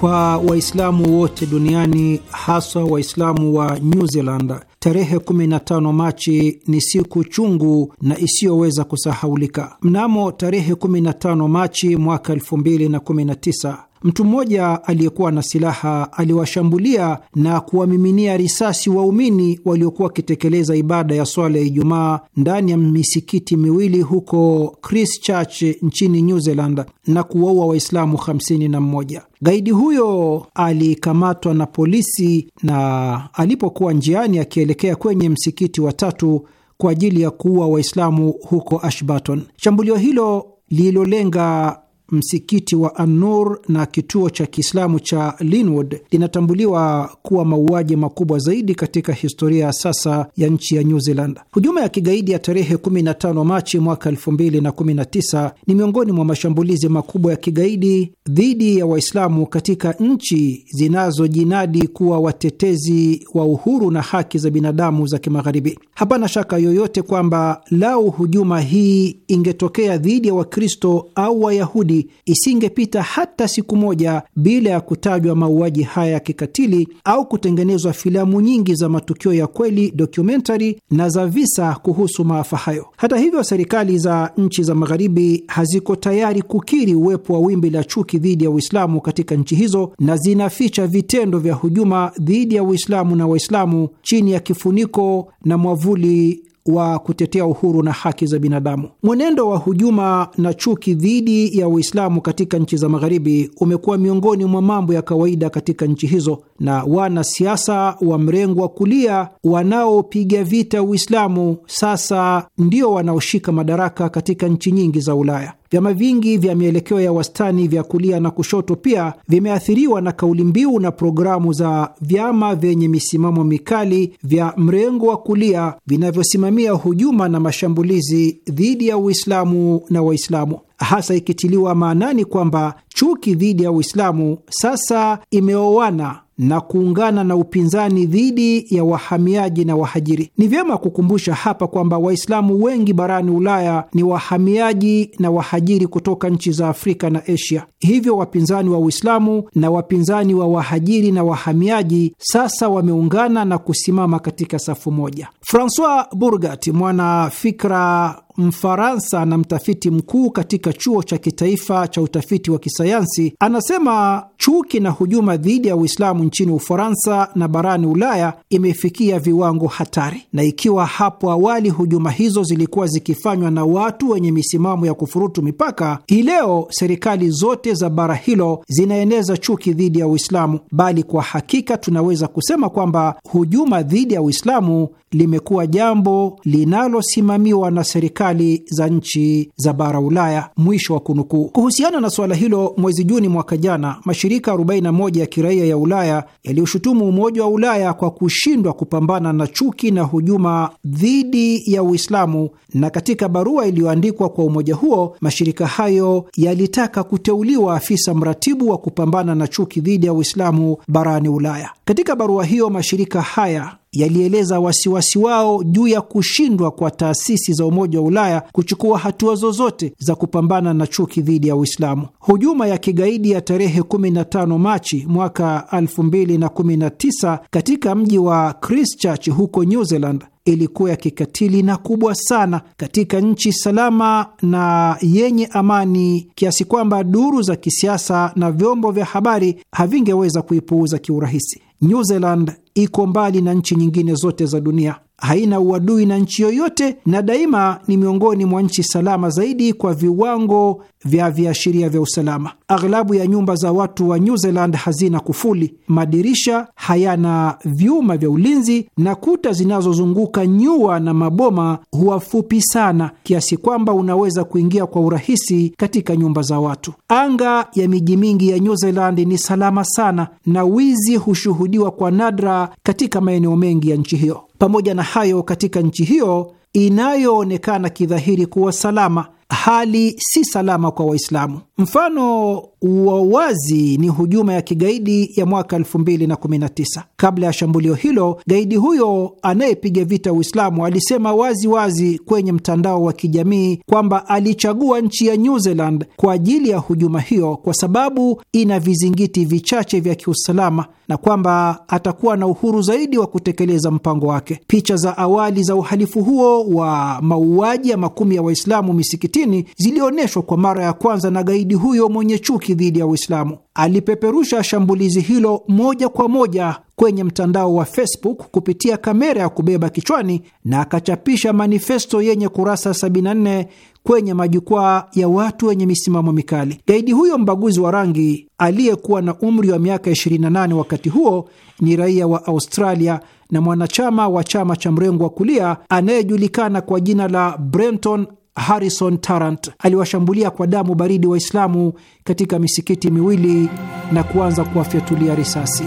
kwa Waislamu wote duniani, haswa Waislamu wa New Zealand. Tarehe 15 Machi ni siku chungu na isiyoweza kusahaulika. Mnamo tarehe 15 Machi mwaka 2019 mtu mmoja aliyekuwa na silaha aliwashambulia na kuwamiminia risasi waumini waliokuwa wakitekeleza ibada ya swala ya Ijumaa ndani ya misikiti miwili huko Christchurch nchini New Zealand na kuwaua Waislamu 51. Gaidi huyo alikamatwa na polisi na alipokuwa njiani akielekea kwenye msikiti wa tatu kwa ajili ya kuua Waislamu huko Ashburton. Shambulio hilo lililolenga msikiti wa anur na kituo cha Kiislamu cha Linwood linatambuliwa kuwa mauaji makubwa zaidi katika historia ya sasa ya nchi ya New Zealand. Hujuma ya kigaidi ya tarehe 15 Machi mwaka 2019 ni miongoni mwa mashambulizi makubwa ya kigaidi dhidi ya Waislamu katika nchi zinazojinadi kuwa watetezi wa uhuru na haki za binadamu za Kimagharibi. Hapana shaka yoyote kwamba lau hujuma hii ingetokea dhidi ya Wakristo au Wayahudi isingepita hata siku moja bila ya kutajwa mauaji haya ya kikatili au kutengenezwa filamu nyingi za matukio ya kweli, dokumentari na za visa kuhusu maafa hayo. Hata hivyo, serikali za nchi za Magharibi haziko tayari kukiri uwepo wa wimbi la chuki dhidi ya Uislamu katika nchi hizo na zinaficha vitendo vya hujuma dhidi ya Uislamu na Waislamu chini ya kifuniko na mwavuli wa kutetea uhuru na haki za binadamu. Mwenendo wa hujuma na chuki dhidi ya Uislamu katika nchi za Magharibi umekuwa miongoni mwa mambo ya kawaida katika nchi hizo, na wanasiasa wa mrengo wa kulia wanaopiga vita Uislamu sasa ndio wanaoshika madaraka katika nchi nyingi za Ulaya. Vyama vingi vya mielekeo ya wastani vya kulia na kushoto pia vimeathiriwa na kauli mbiu na programu za vyama vyenye misimamo mikali vya mrengo wa kulia vinavyosimamia hujuma na mashambulizi dhidi ya Uislamu na Waislamu, hasa ikitiliwa maanani kwamba chuki dhidi ya Uislamu sasa imeoana na kuungana na upinzani dhidi ya wahamiaji na wahajiri. Ni vyema kukumbusha hapa kwamba Waislamu wengi barani Ulaya ni wahamiaji na wahajiri kutoka nchi za Afrika na Asia. Hivyo wapinzani wa Uislamu na wapinzani wa wahajiri na wahamiaji sasa wameungana na kusimama katika safu moja. Francois Burgat, mwanafikra Mfaransa na mtafiti mkuu katika chuo cha kitaifa cha utafiti wa kisayansi, anasema chuki na hujuma dhidi ya Uislamu Kiislamu nchini Ufaransa na barani Ulaya imefikia viwango hatari, na ikiwa hapo awali hujuma hizo zilikuwa zikifanywa na watu wenye misimamo ya kufurutu mipaka, hii leo serikali zote za bara hilo zinaeneza chuki dhidi ya Uislamu, bali kwa hakika tunaweza kusema kwamba hujuma dhidi ya Uislamu limekuwa jambo linalosimamiwa na serikali za nchi za bara Ulaya. Mwisho wa kunukuu. Kuhusiana na suala hilo, mwezi Juni mwaka jana, mashirika 41 ya kiraia ya Ulaya Ulaya yalioshutumu Umoja wa Ulaya kwa kushindwa kupambana na chuki na hujuma dhidi ya Uislamu, na katika barua iliyoandikwa kwa umoja huo, mashirika hayo yalitaka kuteuliwa afisa mratibu wa kupambana na chuki dhidi ya Uislamu barani Ulaya. Katika barua hiyo, mashirika haya yalieleza wasiwasi wao juu ya kushindwa kwa taasisi za Umoja wa Ulaya kuchukua hatua zozote za kupambana na chuki dhidi ya Uislamu. Hujuma ya kigaidi ya tarehe 15 Machi mwaka 2019 katika mji wa Christchurch huko New Zealand ilikuwa ya kikatili na kubwa sana katika nchi salama na yenye amani kiasi kwamba duru za kisiasa na vyombo vya habari havingeweza kuipuuza kiurahisi. New Zealand iko mbali na nchi nyingine zote za dunia haina uadui na nchi yoyote na daima ni miongoni mwa nchi salama zaidi kwa viwango vya viashiria vya usalama. Aghlabu ya nyumba za watu wa New Zealand hazina kufuli, madirisha hayana vyuma vya ulinzi, na kuta zinazozunguka nyua na maboma huwa fupi sana kiasi kwamba unaweza kuingia kwa urahisi katika nyumba za watu. Anga ya miji mingi ya New Zealand ni salama sana na wizi hushuhudiwa kwa nadra katika maeneo mengi ya nchi hiyo. Pamoja na hayo, katika nchi hiyo inayoonekana kidhahiri kuwa salama hali si salama kwa Waislamu. Mfano wa wazi ni hujuma ya kigaidi ya mwaka 2019. Kabla ya shambulio hilo, gaidi huyo anayepiga vita Uislamu alisema wazi wazi kwenye mtandao wa kijamii kwamba alichagua nchi ya New Zealand kwa ajili ya hujuma hiyo kwa sababu ina vizingiti vichache vya kiusalama na kwamba atakuwa na uhuru zaidi wa kutekeleza mpango wake. Picha za awali za uhalifu huo wa mauaji ya makumi ya Waislamu misikitini Palestina zilionyeshwa kwa mara ya kwanza na gaidi huyo mwenye chuki dhidi ya Uislamu. Alipeperusha shambulizi hilo moja kwa moja kwenye mtandao wa Facebook kupitia kamera ya kubeba kichwani na akachapisha manifesto yenye kurasa 74 kwenye majukwaa ya watu wenye misimamo mikali. Gaidi huyo mbaguzi wa rangi aliyekuwa na umri wa miaka 28 wakati huo ni raia wa Australia na mwanachama wa chama cha mrengo wa kulia anayejulikana kwa jina la Brenton Harrison Tarrant aliwashambulia kwa damu baridi Waislamu katika misikiti miwili na kuanza kuwafyatulia risasi.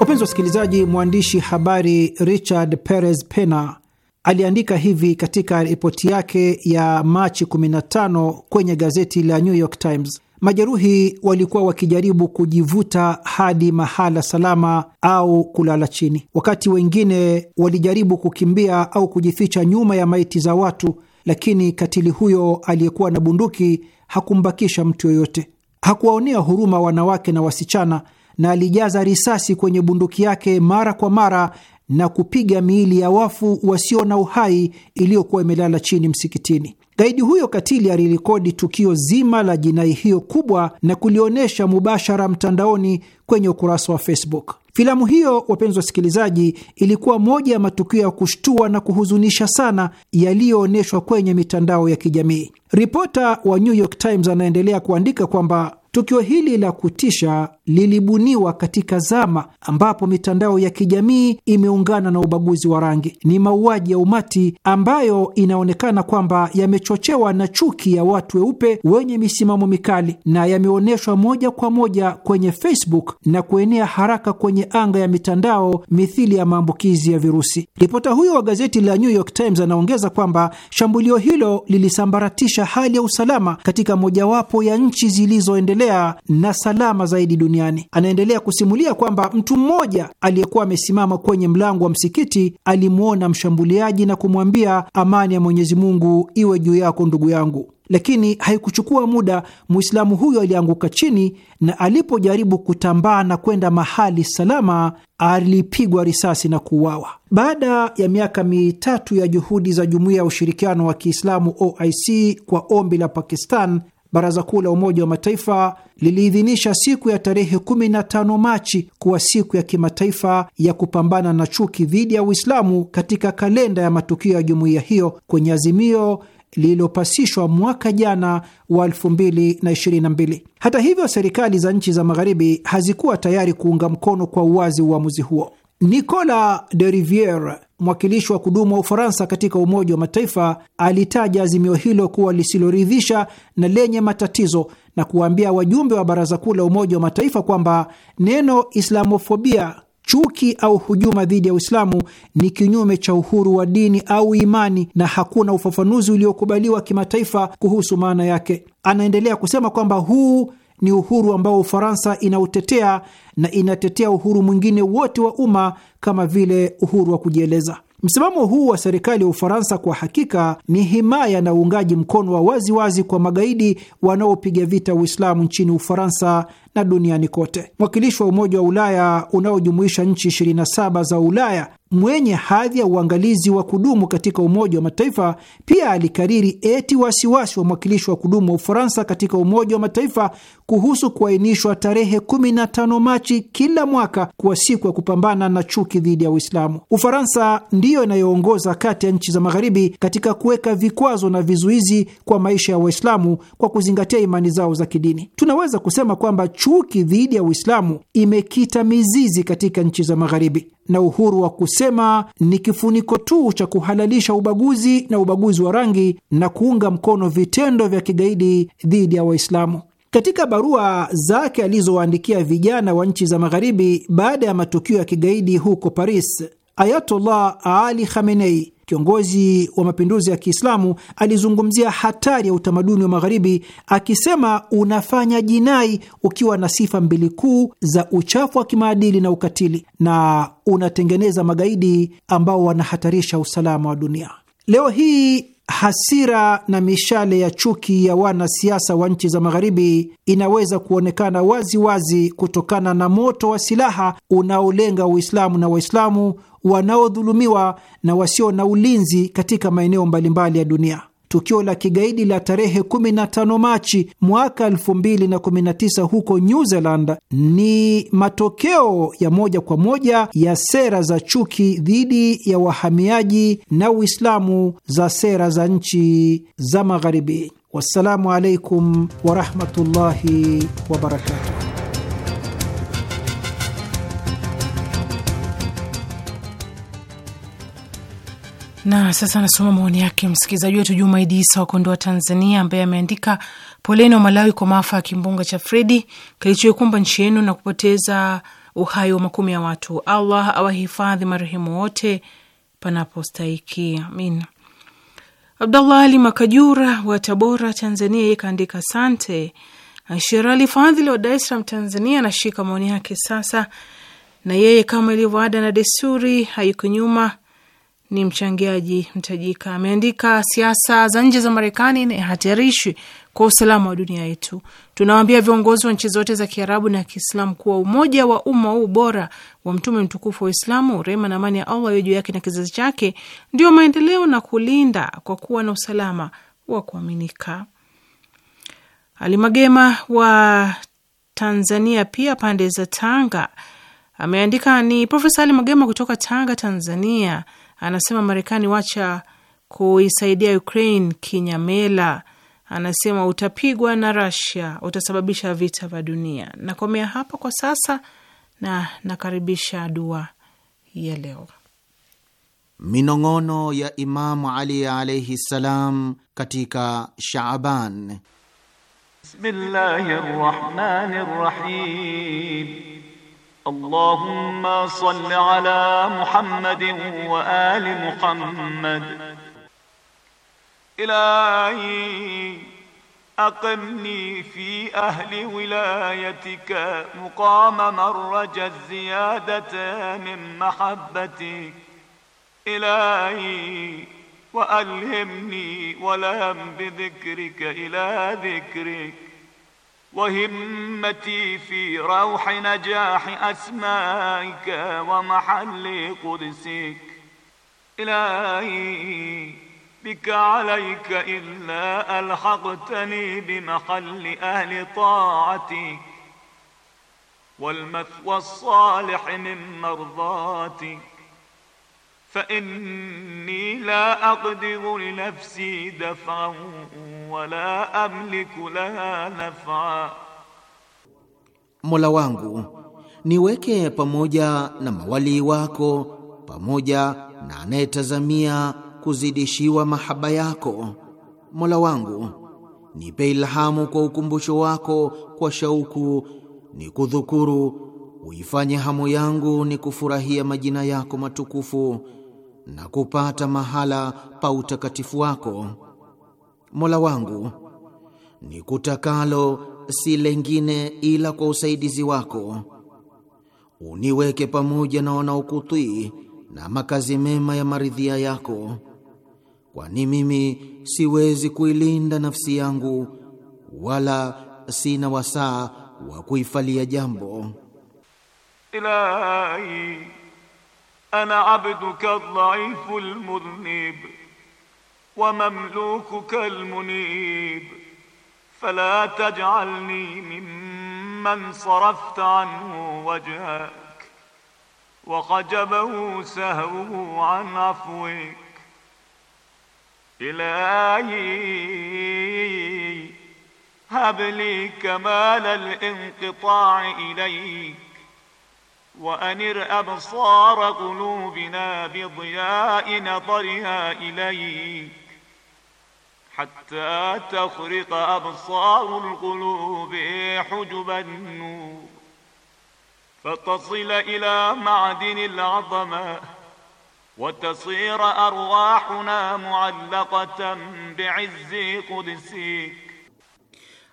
Wapenzi wasikilizaji, mwandishi habari Richard Perez Pena aliandika hivi katika ripoti yake ya Machi 15 kwenye gazeti la New York Times: Majeruhi walikuwa wakijaribu kujivuta hadi mahala salama au kulala chini, wakati wengine walijaribu kukimbia au kujificha nyuma ya maiti za watu, lakini katili huyo aliyekuwa na bunduki hakumbakisha mtu yoyote. Hakuwaonea huruma wanawake na wasichana, na alijaza risasi kwenye bunduki yake mara kwa mara na kupiga miili ya wafu wasio na uhai iliyokuwa imelala chini msikitini. Gaidi huyo katili alirekodi tukio zima la jinai hiyo kubwa na kulionyesha mubashara mtandaoni kwenye ukurasa wa Facebook. Filamu hiyo, wapenzi wasikilizaji, ilikuwa moja ya matukio ya kushtua na kuhuzunisha sana yaliyoonyeshwa kwenye mitandao ya kijamii. Ripota wa New York Times anaendelea kuandika kwamba tukio hili la kutisha lilibuniwa katika zama ambapo mitandao ya kijamii imeungana na ubaguzi wa rangi. Ni mauaji ya umati ambayo inaonekana kwamba yamechochewa na chuki ya watu weupe wenye misimamo mikali na yameonyeshwa moja kwa moja kwenye Facebook na kuenea haraka kwenye anga ya mitandao mithili ya maambukizi ya virusi. Ripota huyo wa gazeti la New York Times anaongeza kwamba shambulio hilo lilisambaratisha hali ya usalama katika mojawapo ya nchi zilizoendelea na salama zaidi duniani duniani. Anaendelea kusimulia kwamba mtu mmoja aliyekuwa amesimama kwenye mlango wa msikiti alimwona mshambuliaji na kumwambia, amani ya Mwenyezi Mungu iwe juu yako ndugu yangu. Lakini haikuchukua muda, muislamu huyo alianguka chini na alipojaribu kutambaa na kwenda mahali salama, alipigwa risasi na kuuawa. Baada ya miaka mitatu ya juhudi za Jumuiya ya Ushirikiano wa Kiislamu OIC kwa ombi la Pakistan Baraza Kuu la Umoja wa Mataifa liliidhinisha siku ya tarehe 15 Machi kuwa siku ya kimataifa ya kupambana na chuki dhidi ya Uislamu katika kalenda ya matukio ya jumuiya hiyo kwenye azimio lililopasishwa mwaka jana wa 2022. Hata hivyo, serikali za nchi za magharibi hazikuwa tayari kuunga mkono kwa uwazi uamuzi huo. Nicola de Riviere, mwakilishi wa kudumu wa Ufaransa katika Umoja wa Mataifa alitaja azimio hilo kuwa lisiloridhisha na lenye matatizo na kuwaambia wajumbe wa Baraza Kuu la Umoja wa Mataifa kwamba neno islamofobia, chuki au hujuma dhidi ya Uislamu ni kinyume cha uhuru wa dini au imani na hakuna ufafanuzi uliokubaliwa kimataifa kuhusu maana yake. Anaendelea kusema kwamba huu ni uhuru ambao Ufaransa inautetea na inatetea uhuru mwingine wote wa umma kama vile uhuru wa kujieleza. Msimamo huu wa serikali ya Ufaransa kwa hakika ni himaya na uungaji mkono wa waziwazi wazi kwa magaidi wanaopiga vita Uislamu nchini Ufaransa na duniani kote. Mwakilishi wa Umoja wa Ulaya unaojumuisha nchi 27 za Ulaya mwenye hadhi ya uangalizi wa kudumu katika Umoja wa Mataifa pia alikariri eti wasiwasi wa mwakilishi wa kudumu wa Ufaransa katika Umoja wa Mataifa kuhusu kuainishwa tarehe 15 Machi kila mwaka kuwa siku ya kupambana na chuki dhidi ya Uislamu. Ufaransa ndiyo inayoongoza kati ya nchi za Magharibi katika kuweka vikwazo na vizuizi kwa maisha ya Waislamu kwa kuzingatia imani zao za kidini. Tunaweza kusema kwamba chuki dhidi ya Uislamu imekita mizizi katika nchi za Magharibi, na uhuru wa kusema ni kifuniko tu cha kuhalalisha ubaguzi na ubaguzi wa rangi na kuunga mkono vitendo vya kigaidi dhidi ya Waislamu. Katika barua zake alizowaandikia vijana wa nchi za Magharibi baada ya matukio ya kigaidi huko Paris, Ayatollah Ali Khamenei Kiongozi wa mapinduzi ya Kiislamu alizungumzia hatari ya utamaduni wa Magharibi akisema unafanya jinai ukiwa na sifa mbili kuu za uchafu wa kimaadili na ukatili, na unatengeneza magaidi ambao wanahatarisha usalama wa dunia. Leo hii hasira na mishale ya chuki ya wanasiasa wa nchi za Magharibi inaweza kuonekana wazi wazi kutokana na moto wa silaha unaolenga Uislamu na Waislamu wanaodhulumiwa na wasio na ulinzi katika maeneo mbalimbali ya dunia tukio la kigaidi la tarehe 15 Machi mwaka 2019 huko New Zealand ni matokeo ya moja kwa moja ya sera za chuki dhidi ya wahamiaji na Uislamu za sera za nchi za Magharibi. Wassalamu alaikum warahmatullahi wabarakatuh. Na sasa nasoma maoni yake msikilizaji wetu Juma Idi Isa wa Kondoa, Tanzania, ambaye ameandika poleni wa Malawi kwa maafa ya kimbunga cha Fredi kilichoikumba nchi yenu na kupoteza uhai wa makumi ya watu. Allah awahifadhi marehemu wote panapostahiki, amin. Abdallah Ali Makajura wa Tabora, Tanzania, yeye kaandika sante. Sherali Fadhili wa Dar es Salaam, Tanzania, anashika maoni yake sasa, na yeye kama ilivyo ada na desturi hayuko nyuma ni mchangiaji mtajika. Ameandika, siasa za nje za Marekani ni hatarishi kwa usalama wa dunia yetu. Tunawaambia viongozi wa nchi zote za Kiarabu na Kiislamu kuwa umoja wa umma huu bora wa Mtume mtukufu wa Uislamu, rehma na amani ya Allah iwe juu yake na kizazi chake, ndio maendeleo na kulinda kwa kuwa na usalama wa kuaminika. Ali Magema wa Tanzania, pia pande za Tanga ameandika ni Profesa Ali Magema kutoka Tanga, Tanzania. Anasema Marekani wacha kuisaidia Ukraine kinyamela. Anasema utapigwa na Rasia, utasababisha vita vya dunia. Nakomea hapa kwa sasa na nakaribisha dua ya leo. Minong'ono ya Imamu Ali alaihi salam katika Shaaban. rahim اللهم صل على محمد وآل محمد إلهي أقمني في أهل ولايتك مقام مرج الزيادة من محبتك إلهي وألهمني ولم بذكرك إلى ذكرك وهمتي في روح نجاح أسمائك ومحل قدسك إلهي بك عليك إلا ألحقتني بمحل أهل طاعتك والمثوى الصالح من مرضاتك فإني لا أقدر لنفسي دفعا wala amliku laha naf'a, Mola wangu niweke pamoja na mawalii wako pamoja na anayetazamia kuzidishiwa mahaba yako. Mola wangu nipe ilhamu kwa ukumbusho wako, kwa shauku ni kudhukuru, uifanye hamu yangu ni kufurahia majina yako matukufu na kupata mahala pa utakatifu wako. Mola wangu, ni kutakalo si lengine ila kwa usaidizi wako. Uniweke pamoja na wanaokutii na makazi mema ya maridhia yako, kwani mimi siwezi kuilinda nafsi yangu wala sina wasaa wa kuifalia jambo. Ilahi ana abduka dhaifu almudhnib ومملوكك المنيب فلا تجعلني ممن صرفت عنه وجهك وخجبه سهوه عن عفوك إلهي هب لي كمال الانقطاع إليك وأنر أبصار قلوبنا بضياء نظرها إليك hatta takhriqa absarul qulubi hujuban nur fatasila ila ma'dinil azama watasira arwahuna muallaqatan bi'izzi qudusik,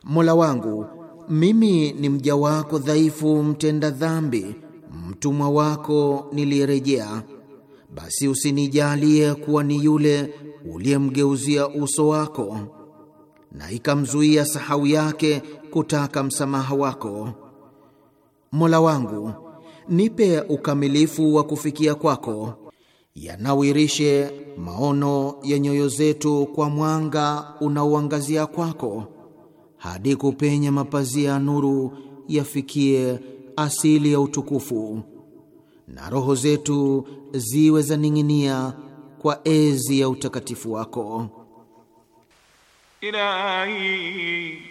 Mola wangu mimi ni mja wako dhaifu, mtenda dhambi, mtumwa wako nilirejea, basi usinijalie kuwa ni yule uliyemgeuzia uso wako na ikamzuia sahau yake kutaka msamaha wako. Mola wangu, nipe ukamilifu wa kufikia kwako, yanawirishe maono ya nyoyo zetu kwa mwanga unaoangazia kwako, hadi kupenya mapazia ya nuru yafikie asili ya utukufu, na roho zetu ziwe zaning'inia kwa enzi ya utakatifu wako. Ilahi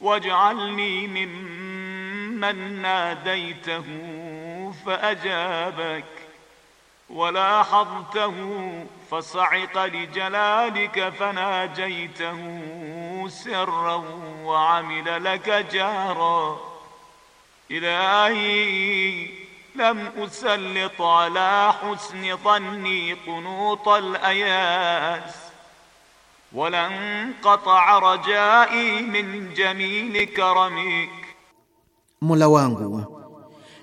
waj'alni mimman nadaitahu faajabak wala hadtahu fasa'iqa lijalalika fanajaitahu sirran wa amila laka jahra ilahi lam usallit ala husni dhanni qunut al-ayas wala nqata rajai min jamili karamik, Mola wangu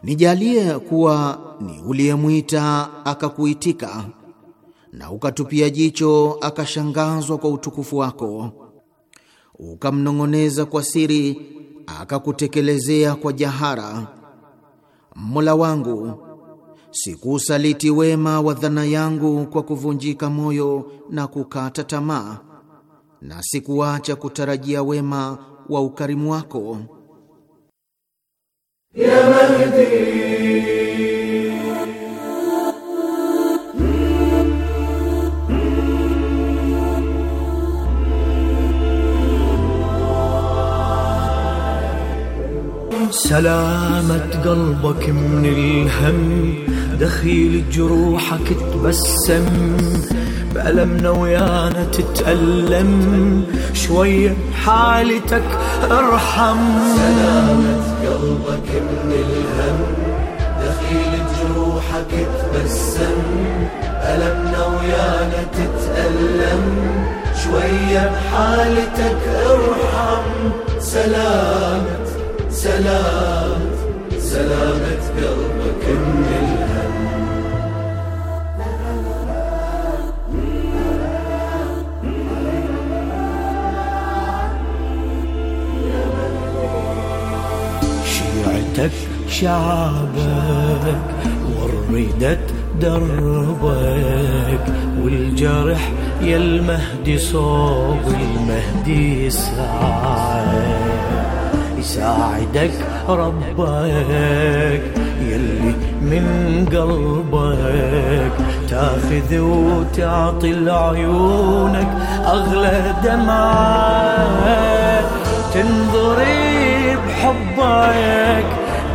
nijalie kuwa ni uliyemwita akakuitika na ukatupia jicho akashangazwa kwa utukufu wako, ukamnong'oneza kwa siri akakutekelezea kwa jahara Mola wangu, sikuusaliti wema wa dhana yangu kwa kuvunjika moyo na kukata tamaa, na sikuacha kutarajia wema wa ukarimu wako ya Mahdi. سلامة قلبك من الهم دخيل جروحك تبسم بألمنا ويانا تتألم شوية حالتك ارحم سلامة قلبك من الهم دخيل جروحك تبسم ألمنا ويانا تتألم شوية حالتك ارحم سلامة سلام سلامة قلبك من الهم شيعتك شعبك وردت دربك والجرح يا المهدي صوب المهدي يسعدك يساعدك ربك يلي من قلبك تاخذ وتعطي لعيونك أغلى دمعك تنظري بحبك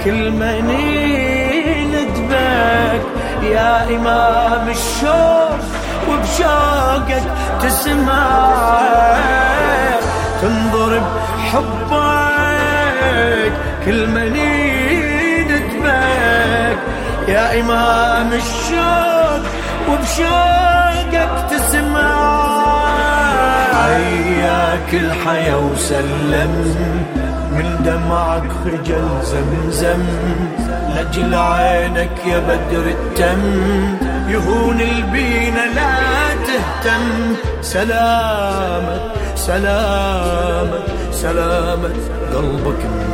كل من يندبك يا إمام الشوق وبشوقك تسمع تنظر بحبك كل منين تبك يا إمام الشوق وبشوقك تسمع حياك الحيا وسلم من دمعك خجل زمزم لجل عينك يا بدر التم يهون البينا لا تهتم سلامة سلامة سلامة قلبك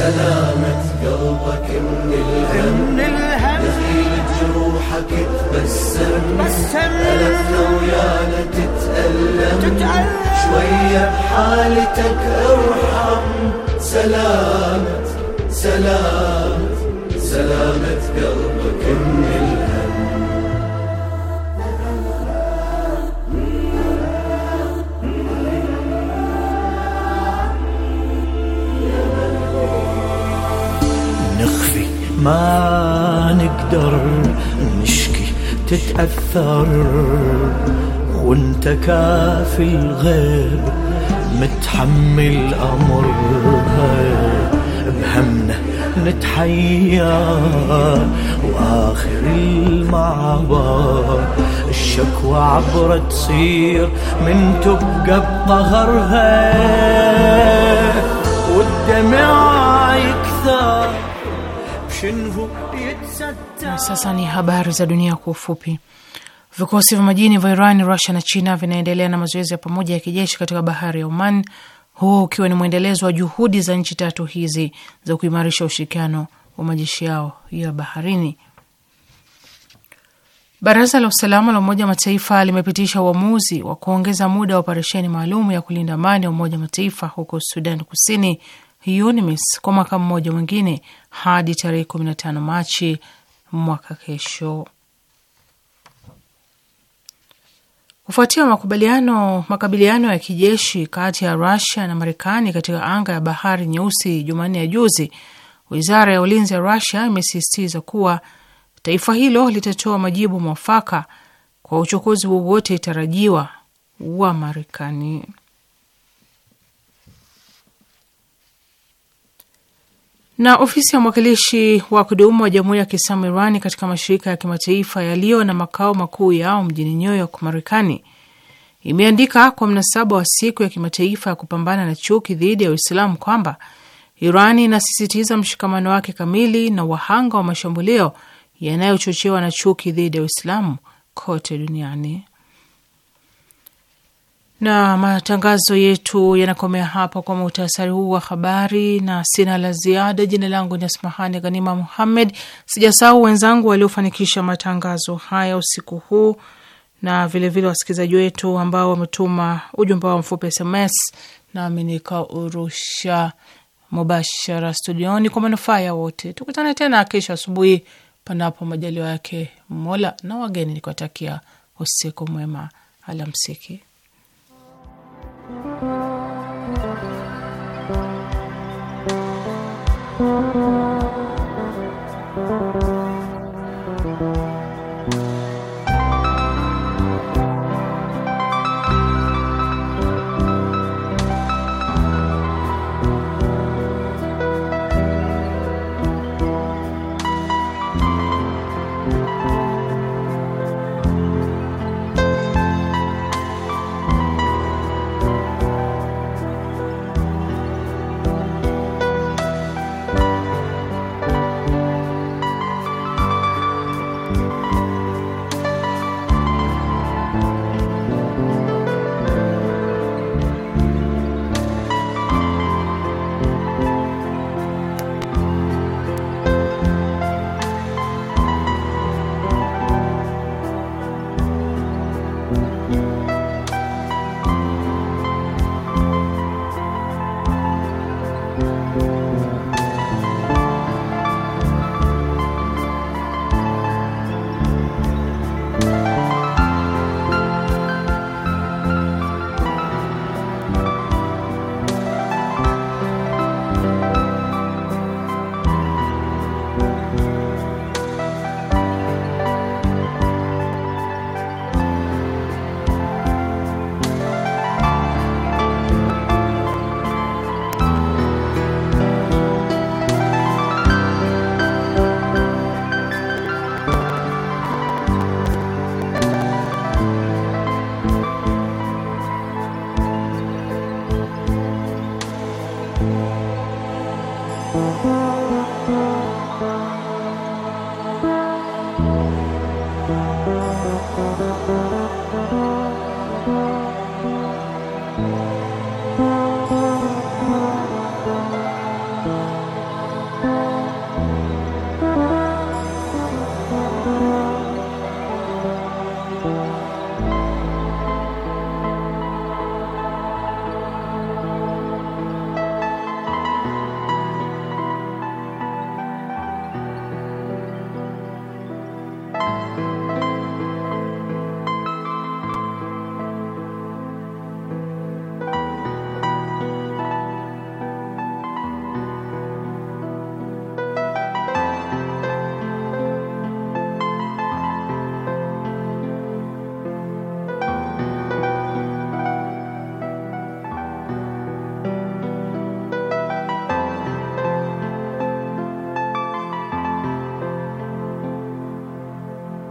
سلامة قلبك من الهم من الهم نزيل جروحك تبسم تبسم لو يا تتألم تتألم شوية بحالتك أروح ما نقدر نشكي تتأثر وانت كافي الغيب متحمل أمر بهمنا نتحيا واخر المعبر الشكوى عبرة تصير من تبقى بقهرها والدمع Na sasa ni habari za dunia kwa ufupi. Vikosi vya majini vya Iran, Rusia na China vinaendelea na mazoezi ya pamoja ya kijeshi katika bahari ya Oman, huo ukiwa ni mwendelezo wa juhudi za nchi tatu hizi za kuimarisha ushirikiano wa majeshi yao ya baharini. Baraza la usalama la Umoja wa Mataifa limepitisha uamuzi wa kuongeza muda wa operesheni maalum ya kulinda amani ya Umoja wa Mataifa huko Sudan Kusini UNIMES kwa mwaka mmoja mwingine hadi tarehe 15 Machi mwaka kesho. Kufuatia makubaliano makabiliano ya kijeshi kati ya Rusia na Marekani katika anga ya bahari nyeusi Jumanne ya juzi, wizara ya ulinzi ya Rusia imesisitiza kuwa taifa hilo litatoa majibu mwafaka kwa uchokozi wowote tarajiwa wa Marekani. Na ofisi ya mwakilishi wa kudumu wa Jamhuri ya Kiislamu Irani katika mashirika ya kimataifa yaliyo na makao makuu yao mjini New York, Marekani, imeandika kwa mnasaba wa siku ya kimataifa ya kupambana na chuki dhidi ya Uislamu kwamba Irani inasisitiza mshikamano wake kamili na wahanga wa mashambulio yanayochochewa na chuki dhidi ya Uislamu kote duniani na matangazo yetu yanakomea hapa kwa muhtasari huu wa habari, na sina la ziada. Jina langu ni Asmahani Ghanima Muhammed. Sijasahau wenzangu waliofanikisha matangazo haya usiku huu na vilevile wasikilizaji wetu ambao wametuma ujumbe wa mfupi SMS, nami nikaurusha mubashara studioni kwa manufaa ya wote. Tukutane tena kesho asubuhi, panapo majaliwa yake Mola, na wageni nikiwatakia usiku mwema, alamsiki. Thank you.